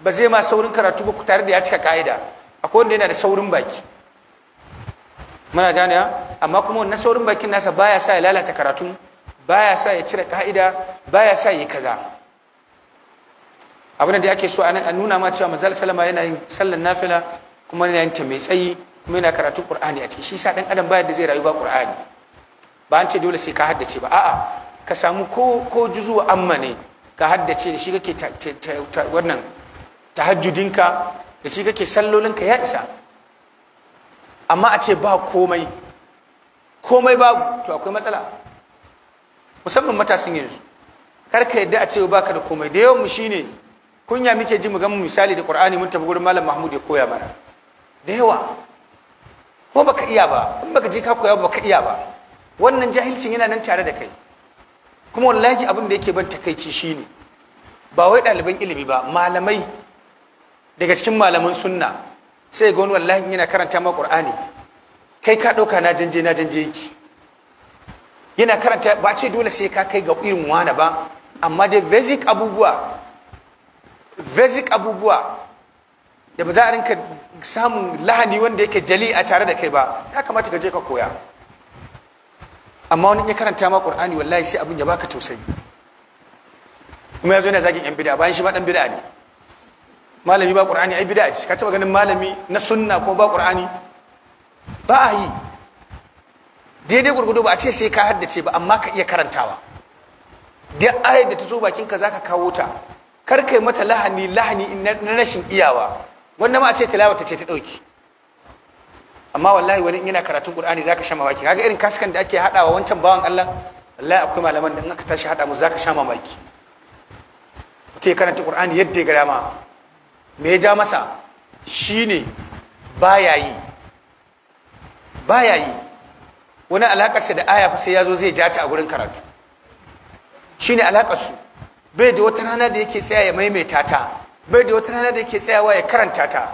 ba zai ma saurin karatu ba tare da ya cika ka'ida akwai wanda yana da saurin baki muna gane amma kuma wannan saurin bakin nasa baya sa ya lalata karatu baya sa ya cire ka'ida baya sa ya yi kaza abin da ake so a nuna ma cewa manzal salama yana yin sallan nafila kuma yana yin ta mai tsayi muna karatu karatun qur'ani a ciki shi sa dan adam bayar da zai rayu ba qur'ani ba an ce dole sai ka haddace ba a'a ka samu ko ko juzuwa amma ne ka haddace da shi kake wannan tahajjudinka da shi kake sallolinka ya isa amma a ce ba komai komai ba to akwai matsala musamman matasan yanzu kar ka yadda a ce ba ka da komai da yawan mu shine kunya muke ji mu ga misali da Qur'ani mun tafi gurin Malam Mahmud ya koya mana da yawa ko baka iya ba in baka je ka koya ba baka iya ba wannan jahilcin yana nan tare da kai kuma wallahi abin da yake ban takaici shine ba wai ɗaliban ilimi ba malamai daga cikin malaman sunna sai ga wallahi yana karanta ma qur'ani kai ka ɗauka na janje na janje yake yana karanta ba ce dole sai ka kai ga irin wani ba amma dai basic abubuwa basic abubuwa da ba za a rinka samun lahani wanda yake jali a tare da kai ba ya kamata ka je ka koya amma wani ya karanta ma qur'ani wallahi sai abin ya baka tausayi kuma ya zo yana zagin yan bid'a bayan shi ma dan bid'a ne malami ba qur'ani ai bid'a ce ka taba ganin malami na sunna ko ba qur'ani ba a yi daidai gurgudu ba a ce sai ka haddace ba amma ka iya karantawa duk ayar da ta zo bakinka ka kawo ta kar kai mata lahani lahani na rashin iyawa wanda ma a ce tilawa ta ce ta dauki amma wallahi wani yana karatun qur'ani zaka sha mamaki kaga irin kaskan da ake hadawa wancan bawan Allah wallahi akwai malaman da in aka tashi hada mu zaka sha mamaki mutum ya karanta qur'ani yadda ya gara ma me ya ja masa shine baya yi baya yi wani alakarsa da aya fa sai ya zo zai ja ta a gurin karatu shine su bai da wata rana da yake tsaya ya maimaita ta bai da wata rana da yake tsayawa ya karanta ta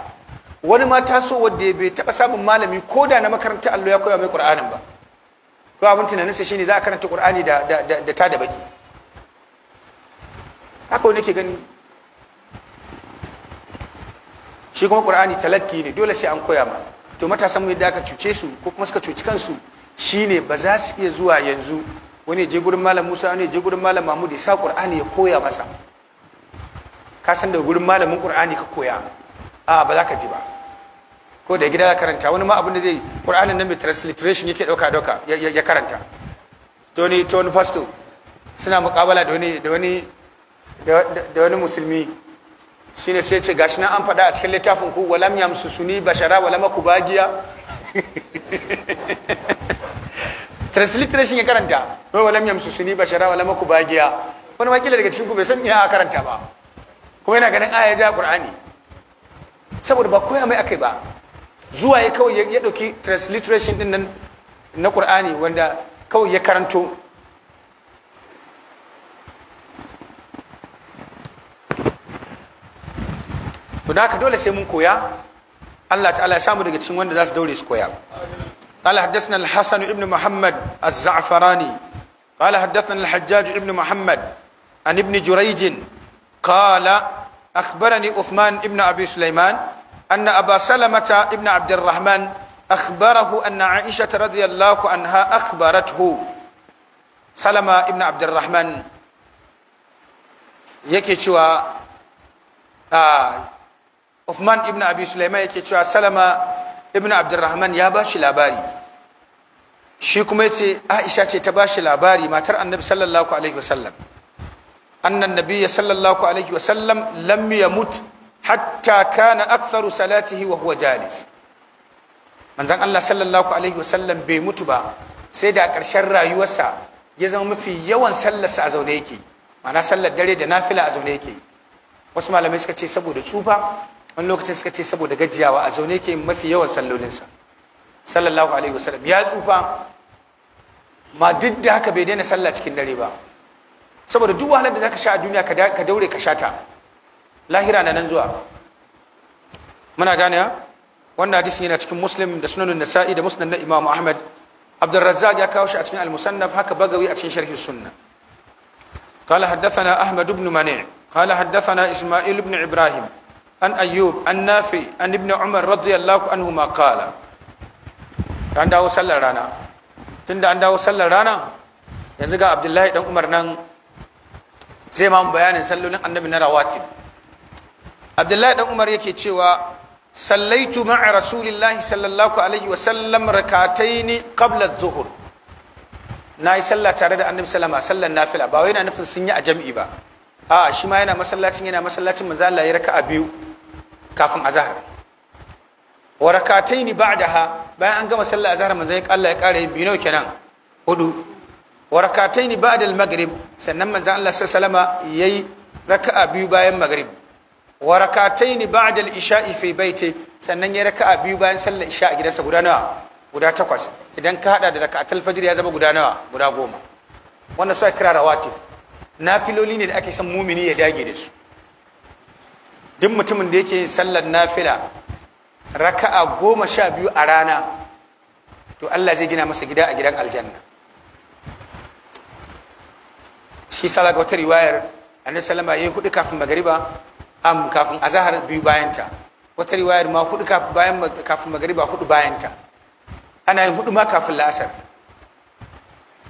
wani ma taso wadda bai taba samun malami ko da na makaranta allo ya koya mai qur'anin ba ko abin tunanin tunaninsa shine za a karanta qur'ani da da ta da baki haka wani ke gani shi kuma qur'ani talakki ne dole sai an koya ma to matasan mu yadda aka cuce su ko kuma suka cuci kansu shine ba za su iya zuwa yanzu wani je gurin malam Musa wani je gurin malam Mahmud ya sa Qur'ani ya koya masa ka san daga gurin malamin qur'ani ka koya a ba za ka ji ba ko da gida ya karanta wani ma abin da zai qur'anin nan mai transliteration yake dauka doka ya karanta To tony fasto suna muƙabala da wani da wani da wani musulmi shine sai ce gashi nan an faɗa a cikin littafin ku walam yamsusuni bashara walam bagiya. [LAUGHS] transliteration ya karanta wai walam yamsusuni bashara walam bagiya. wani ma daga cikin ku bai san ina karanta ba kuma yana ganin aya ja qur'ani saboda ba koya mai akai ba zuwa ya kawai ya dauki transliteration din nan na qur'ani wanda kawai ya karanto to da haka dole sai mun koya Allah ta'ala ya samu daga cikin wanda za su daure su koya قال حدثنا الحسن ابن محمد الزعفراني قال حدثنا الحجاج ابن محمد عن ابن جريج قال أخبرني عثمان ابن أبي سليمان أن أبا سلمة ابن عبد الرحمن أخبره أن عائشة رضي الله عنها أخبرته سلمة ابن عبد الرحمن yake cewa Uthman ibn Abi Sulaiman yake cewa Salama ibn Abdurrahman ya ba shi labari shi kuma yace Aisha ce ta ba shi labari matar Annabi sallallahu alaihi أن النبي صلى الله عليه وسلم لم يمت حتى كان أكثر صلاته وهو جالس من زن الله صلى الله عليه وسلم بمتبا سيدا كرشر يوسع يزم في يوان سلس أزونيكي معنى سلة دريد نافلة أزونيكي wasu malamai suka ce saboda tsufa wani lokacin suka ce saboda gajiyawa a zaune ke mafi yawan sallolinsa sallallahu alaihi wasallam ya tsufa ma duk da haka bai daina sallah cikin dare ba saboda duk wahalar da zaka sha a duniya ka daure ka shata lahira na nan zuwa muna gane ha wannan hadisin yana cikin muslim da sunan nasa'i da musnad na imamu ahmad abdurrazzaq ya kawo shi a cikin al-musannaf haka bagawi a cikin sharhi sunna قال حدثنا أحمد بن منيع قال حدثنا إسماعيل بن إبراهيم عن أيوب عن نافع عن ابن عمر رضي الله عنهما قال عند أوصل رانا تند عند أوصل رانا ينزق ga Abdullahi بن Umar nan. zai ma bayanin sallolin annabi na rawatib abdullahi dan umar yake cewa sallaitu ma'a rasulillahi sallallahu alaihi wa sallam rakataini qabla adh-dhuhr yi sallah tare da annabi sallama sallan nafila ba wai yana nufin sun yi a jam'i ba a shi ma yana masallacin yana masallacin manzo Allah ya raka'a biyu kafin azhar wa rakataini ba'daha bayan an gama sallar azhar manzo Allah ya kare biyu nawa kenan hudu wa ni ba'da al-maghrib sannan manzon Allah sallallahu alaihi yayi raka'a biyu bayan maghrib wa ni ba'da al-isha'i fi baiti sannan yayi raka'a biyu bayan sallar isha a gidansa guda nawa guda takwas idan ka hada da rakatul fajr ya zama guda nawa guda goma wannan sai kira rawatib nafiloli ne da ake son mumini ya dage da su duk mutumin da yake yin sallar nafila raka'a goma sha biyu a rana to Allah zai gina masa gida a gidan aljanna shi sa ga wata riwayar annabi ya yi hudu kafin magariba am kafin azahar biyu bayanta wata riwayar ma hudu kafin bayan kafin magariba hudu bayanta ana yin hudu ma kafin la'asar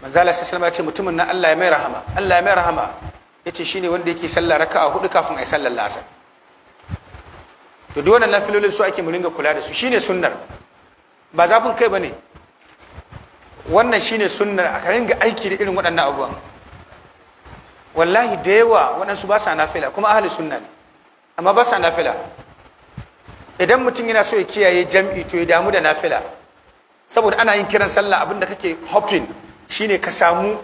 manzo Allah salama ya ce mutumin nan Allah ya mai rahama Allah ya mai rahama yace shine wanda yake sallah raka'a hudu kafin ai sallar la'asar to duk wannan lafilolin su ake mu ringa kula da su shine sunnar ba zafin kai bane wannan shine sunnar a ringa aiki da irin waɗannan abubuwan wallahi da yawa waɗansu ba sa nafila kuma ahli sunna ne amma ba sa nafila idan mutum yana so ya kiyaye jam'i to ya damu da nafila saboda ana yin kiran sallah abin da kake hoping shine ka samu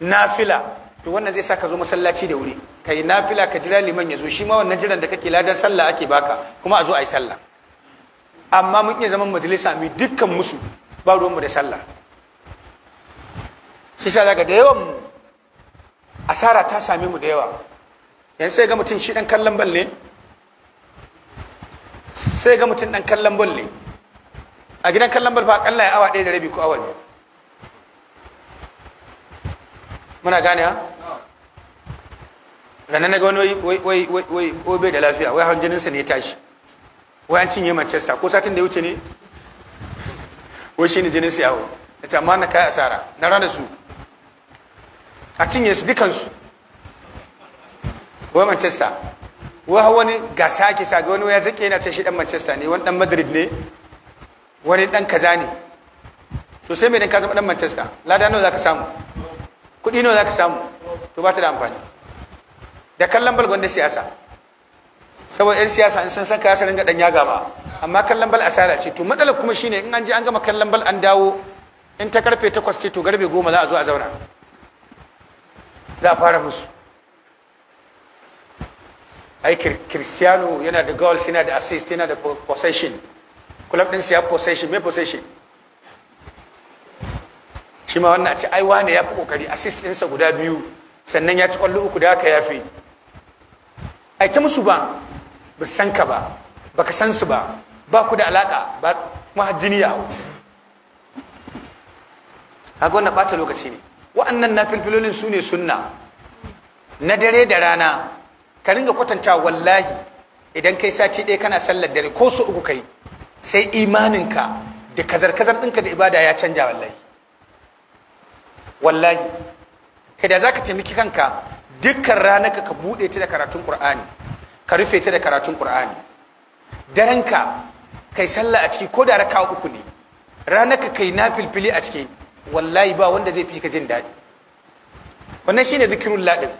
nafila to wannan zai sa ka zo masallaci da wuri ka yi nafila ka jira liman ya zo shi ma wannan jiran da kake ladan sallah ake baka kuma a zo a yi sallah amma mun iya zaman majalisa mai dukkan musu ba ruwanmu da sallah shi sa daga da yawan mu asara ta sami mu da yawa yanzu sai ga mutum shi dan kallon bal ne sai ga mutum dan kallon bal ne a gidan kallon bal fa kallon ya awa ɗaya da rabi ko awa biyu muna gane ha rana na ga wani wai bai da lafiya wai hawan jininsa ne ya tashi wai an cinye manchester ko satin da ya wuce ne wai shi ne jininsa yawo da ta amma na kai asara na rana su a cinye su dukansu wai manchester wai wani gasa sake sa wani ya zake yana ce shi dan manchester ne wani dan madrid ne wani dan kaza ne to sai mai dan ka zama dan manchester lada nawa zaka samu kuɗi nawa zaka samu to ba ta da amfani da kallon bal da siyasa saboda yan siyasa in sun san kaya su ringa dan yaga ba amma kallon bal asara ce to matsalar kuma shine in an je an gama kallon bal an dawo in ta karfe 8 ce to garbe 10 za a zo a zauna za a fara musu ai cristiano yana da goals yana da assist yana da possession club din ya possession me possession shi ma wannan a ce ai wane ya fi kokari assist ɗinsa guda biyu sannan ya ci ƙwallo uku da aka ya fi ai ta musu ba ba san ka ba baka san su ba ba ku da alaka ba mahajjini ya hau haka wannan ɓata lokaci ne wa'annan nafilfilolin su ne sunna na dare da rana ka ringa kwatanta wallahi idan kai sati ɗaya kana sallar dare ko su uku kai sai imaninka da kazar-kazar ɗinka da ibada ya canja wallahi wallahi kai da za ka taimaki kanka dukkan ranar ka buɗe ta da karatun ƙur'ani ka rufe ta da karatun ƙur'ani ka kai sallah a ciki ko da raka uku ne ranar ka kai na filfili a ciki wallahi ba wanda zai fi ka jin daɗi wannan shine zikirullah din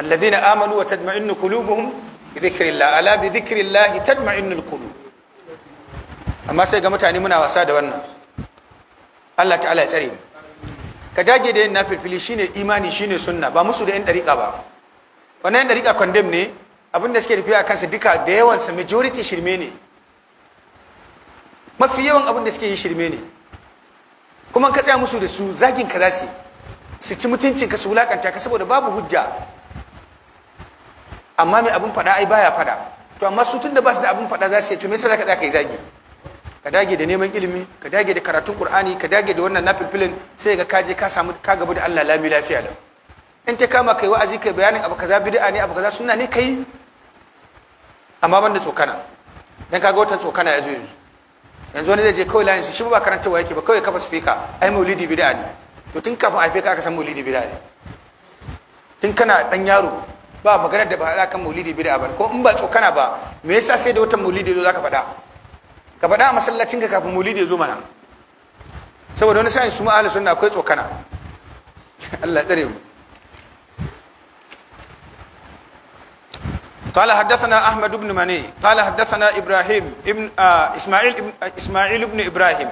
alladhina amanu wa tadma'innu qulubuhum bi dhikrillah ala bi dhikrillah tadma'innu alqulub amma sai ga mutane muna wasa da wannan Allah ta'ala ya tsare mu ka dage da yin nafilfili shine imani shine sunna ba musu da yan dariƙa ba wannan yan dariƙa condemn ne abinda suke rufe a kansa duka da yawansa majority shirme ne mafi yawan abinda suke yi shirme ne kuma ka tsaya musu da su zagin ka za su su ci mutuncin ka su wulakanta ka saboda babu hujja amma mai abin fada ai baya fada to amma su tunda ba su da abin fada za su yi to me sai ka tsaya kai zagi ka dage da neman ilimi ka dage da karatun qur'ani ka dage da wannan nafilfilin sai ka kaje ka samu ka gaba da Allah lami lafiya da in ta kama kai wa'azi kai bayanin abu kaza bid'a ne abu kaza sunna ne kai amma banda tsokana dan kaga watan tsokana ya zo yanzu yanzu wani zai je kawai layin su shi ba karantarwa yake ba kawai kafa speaker ai maulidi bid'a ne to tun kafin a ka aka san maulidi bid'a ne tun kana dan yaro ba maganar da ba haɗa kan maulidi bid'a ba ko in ba tsokana ba me yasa sai da wata maulidi zo zaka faɗa ka faɗa a masallacin ka kafin maulidi ya zo mana saboda wani sa'in su ma na sunna akwai tsokana [LAUGHS] Allah tsare mu قال حدثنا أحمد بن مني قال حدثنا إبراهيم ابن آه إسماعيل ابن إسماعيل بن إبراهيم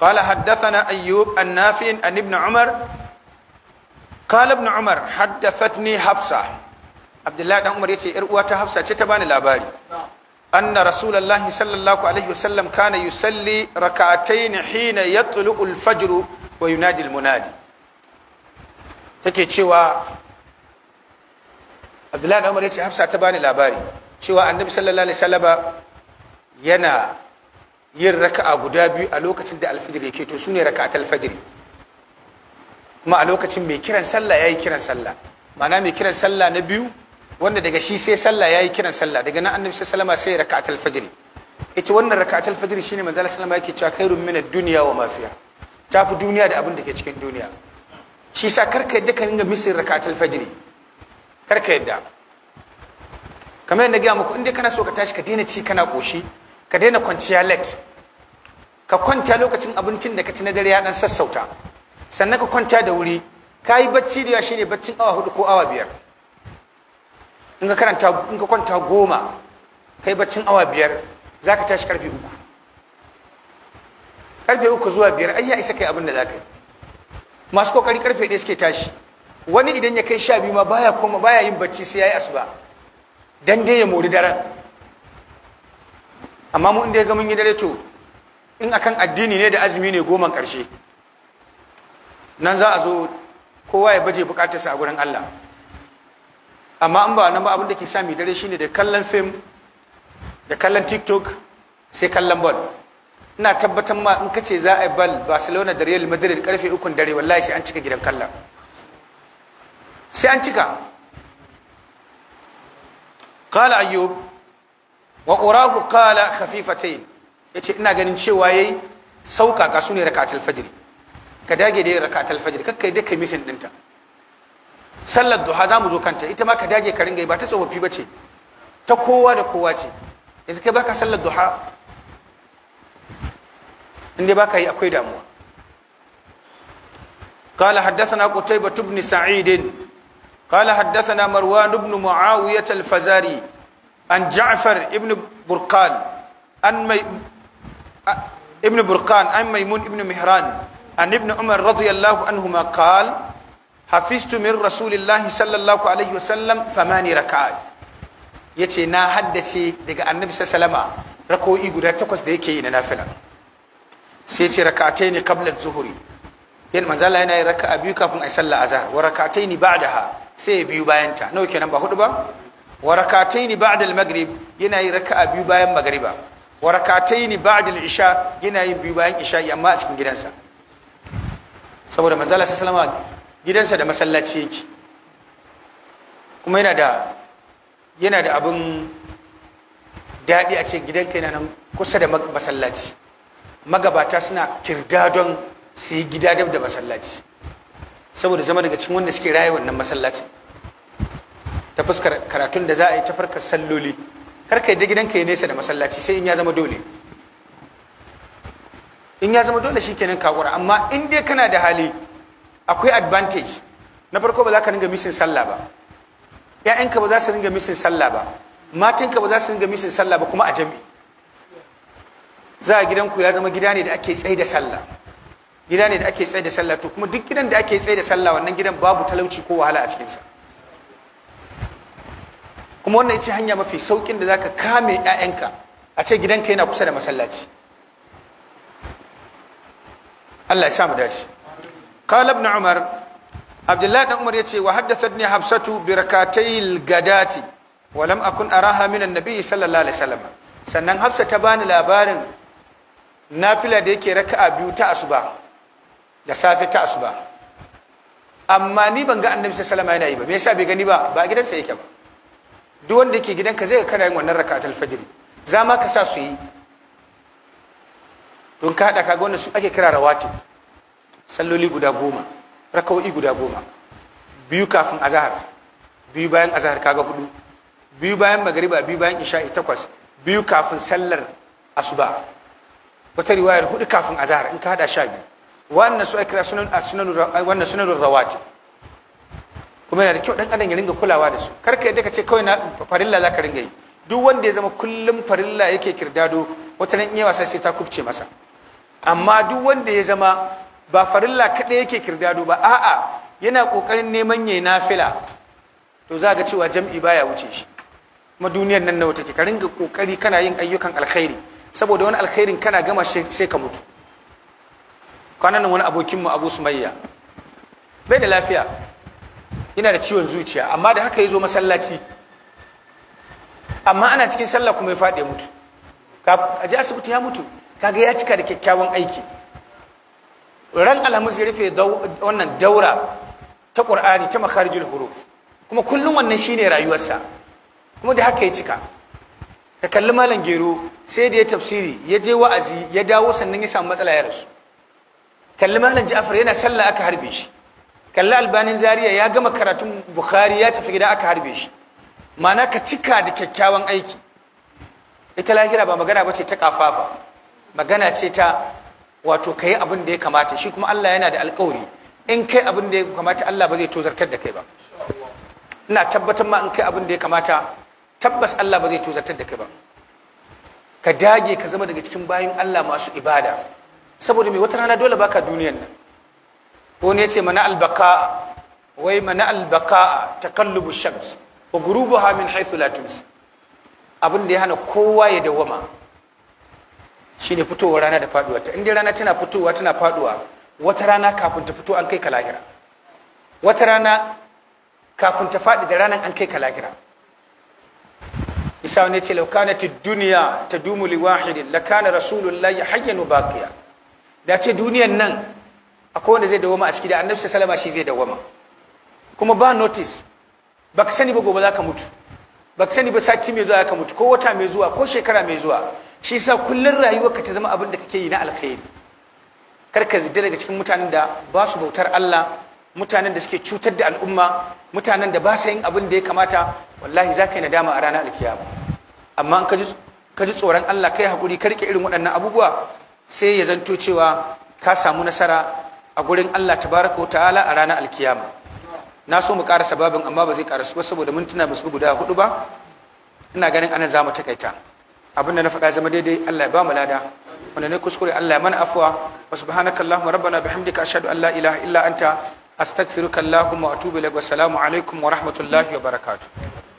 قال حدثنا أيوب النافع عن ابن عمر قال ابن عمر حدثتني حفصة عبد الله بن عمر يتي إرواتا حفصة تتباني لاباري أن رسول الله صلى الله عليه وسلم كان يصلي ركعتين حين يطلع الفجر وينادي المنادي تكي تشوى abdullahi umar ya ce hafsa ta bani labari cewa annabi sallallahu alaihi wasallama yana yin raka'a guda biyu a lokacin da alfijir yake to sune raka'at alfajr kuma a lokacin mai kiran sallah yayi kiran sallah ma'ana mai kiran sallah na biyu wanda daga shi sai sallah yayi kiran sallah daga nan annabi sallallahu alaihi wasallama sai raka'at alfajr ita wannan raka'at alfajr shine manzo sallallahu alaihi wasallama yake cewa khairun min ad-dunya wa ma fiha tafi duniya da abin da ke cikin duniya shi sa karka yadda ka ringa misin raka'at alfajr karka yadda kamar yadda gaya muku inda kana so ka tashi ka daina ci kana ƙoshi ka daina kwanciya let ka kwanta lokacin abincin da ka ci na dare ya dan sassauta sannan ka kwanta da wuri ka yi bacci da shi ne baccin awa hudu ko awa biyar in ka karanta in ka kwanta goma yi baccin awa biyar za ka tashi karfe uku karfe uku zuwa biyar ayya isa kai abin da za ka yi masu kokari karfe ɗaya suke tashi wani idan ya kai sha biyu ma baya koma baya yin bacci sai ya yi asuba dan dai ya mori daren amma mu inda ya ga mun yi dare to in akan addini ne da azumi ne goman karshe nan za a zo kowa ya baje bukatarsa a gurin Allah amma an ba nan ba abin da ke sami dare shine da kallon fim da kallon tiktok sai kallon ball ina tabbatar ma in kace za a yi ball barcelona da real madrid karfe ukun dare wallahi sai an cika gidan kallon sai an cika qala ayyub wa qurahu qala khafifatayn yace ina ganin cewa yayi ka su ne rakatul fajr ka dage da rakatul fajr kakka dai kai misin dinta sallar duha za mu zo kanta ita ma ka dage ka ringa yi ba ta tsofaffi ba ce ta kowa da kowa ce yanzu kai baka sallar duha inda baka yi akwai damuwa قال حدثنا قتيبة بن سعيد قال حدثنا مروان بن معاوية الفزاري عن جعفر ابن برقان عن مي... ابن برقان عن ميمون ابن مهران عن ابن عمر رضي الله عنهما قال حفظت من رسول الله صلى الله عليه وسلم ثمان ركعات yace na haddace daga annabi sallama rako'i guda takwas da yake yi na nafila sai ce rakatai ne kabla zuhuri yin manzala yana yi raka biyu kafin a sallah wa rakatai ne ba'daha sai ya biyu bayan ta nawa kenan ba hudu ba warakataini ni maghrib yana yi raka'a biyu bayan magriba warakataini ba'dal isha yana yin biyu bayan isha amma a cikin gidansa saboda manzala sallallahu alaihi wasallam gidansa da masallaci yake kuma yana da yana da abin daɗi a ce gidanka yana nan kusa da masallaci magabata suna kirdadon su yi gida da masallaci saboda zama daga cikin wanda suke raye wannan masallacin ta fuskar karatun da za a yi ta farkar salloli kar ka yi da gidanka ya nesa da masallaci sai in ya zama dole in ya zama dole shi kenan kakura amma in dai kana da hali akwai advantage na farko ba za ka ringa misin sallah ba ‘ya'yanka ba za su ringa misin sallah ba matinka ba za su ringa misin sallah ba kuma a jami'i za a gidanku ya zama gida ne da ake tsaye da sallah gida ne da ake tsaye da kuma duk gidan da ake tsaye da sallah wannan gidan babu talauci ko wahala a cikinsa kuma wannan ita hanya mafi saukin da zaka kame 'ya'yanka a ce gidanka yana kusa da masallaci Allah ya samu dace qala ibn umar abdullahi dan umar yace wa haddathatni habsatu bi rakatayil gadati wa lam akun araha min annabi sallallahu alaihi wasallam sannan hafsa ta bani labarin nafila da yake raka'a biyu ta asuba da safe ta asuba amma ni ban ga annabi sai salama yana yi ba me yasa bai gani ba ba gidansa yake ba duk wanda yake gidanka zai ga kana yin wannan al fajr za ma ka sa su yi don ka haɗa kaga wanda su ake kira rawati salloli guda goma rakawai guda goma biyu kafin azahar biyu bayan azahar kaga hudu biyu bayan magariba biyu bayan isha'i takwas biyu kafin sallar asuba wata riwayar hudu kafin azahar in ka haɗa sha biyu wannan su kira sunan wannan sunanun rawati kuma yana da kyau dan adam ya ringa kulawa da su karka yadda ka ce kawai na farilla za ka ringa yi duk wanda ya zama kullum farilla yake kirdado wata nan iya wasa sai ta kubce masa amma duk wanda ya zama ba farilla kaɗai yake kirdado ba a'a yana kokarin neman yayi nafila to za ga cewa jam'i baya wuce shi kuma duniyar nan nawa take ka ringa kokari kana yin ayyukan alkhairi saboda wani alkhairin kana gama sai ka mutu kwanan wani abokinmu abu sumayya bai da lafiya yana da ciwon zuciya amma da haka ya zo masallaci amma ana cikin sallah kuma ya faɗi mutu a ji asibiti ya mutu kaga ya cika da kyakkyawan aiki ran alhamis ya rufe wannan daura ta ƙur'ani ta makarijul huruf kuma kullum wannan shi ne rayuwarsa kuma da haka ya cika ka kalli malam gero sai da ya tafsiri ya je wa'azi ya dawo sannan ya samu matsala ya rasu kalli malam ja'far yana sallah aka harbe shi kalli albanin zaria ya gama karatun bukhari ya tafi gida aka harbe shi ma'ana ka cika da kyakkyawan aiki ita lahira ba magana ba ce ta kafafa magana ce ta wato ka abin da ya kamata shi kuma allah yana da alkawari in kai abin da ya kamata allah ba zai tozartar da kai ba ina tabbatar ma in kai abin da ya kamata tabbas allah ba zai tozartar da kai ba ka dage ka zama daga cikin bayin allah masu ibada saboda mai wata rana dole baka duniyan nan wani ya ce mana albaka wai mana albaka ta takallubu shams wa gurubuha min haythu la tums abin da ya hana kowa ya dawama ne fitowar rana da faduwa ta inda rana tana fitowa tana faduwa wata rana kafin ta fito an kai ka lahira wata rana kafin ta fadi da ranar an kai ka lahira isa ne ce ta duniya ta dumu liwahidin lakana rasulullahi hayyan baqiya da ce duniyan nan akwai wanda zai dawoma a ciki da annabi salama shi zai dawoma kuma ba notice ba ka sani ba gobe za ka mutu ba ka sani ba sati mai zuwa za ka mutu ko wata mai zuwa ko shekara mai zuwa shi sa rayuwar ka ta zama abin da kake yi na alkhairi kar ka zidda daga cikin mutanen da ba su bautar Allah mutanen da suke cutar da al'umma mutanen da ba su yin abin da ya kamata wallahi za ka yi nadama a ranar alkiyama amma in ka ji tsoron Allah kai hakuri ka rike irin waɗannan abubuwa sai ya zanto cewa ka samu nasara a gurin Allah ta tabaraka ta'ala a ranar alkiyama na so mu karasa sababin amma ba zai su ba saboda mintuna ba su guda hudu ba ina ganin anan zama takaita abin da na faɗa zama daidai Allah ya ba mu lada wanda ne kuskure Allah ya mana afuwa wa subhanaka allahumma rabbana bihamdika ashhadu an la ilaha illa anta astaghfiruka allahumma wa atubu ilaik wa assalamu alaikum wa rahmatullahi wa barakatu.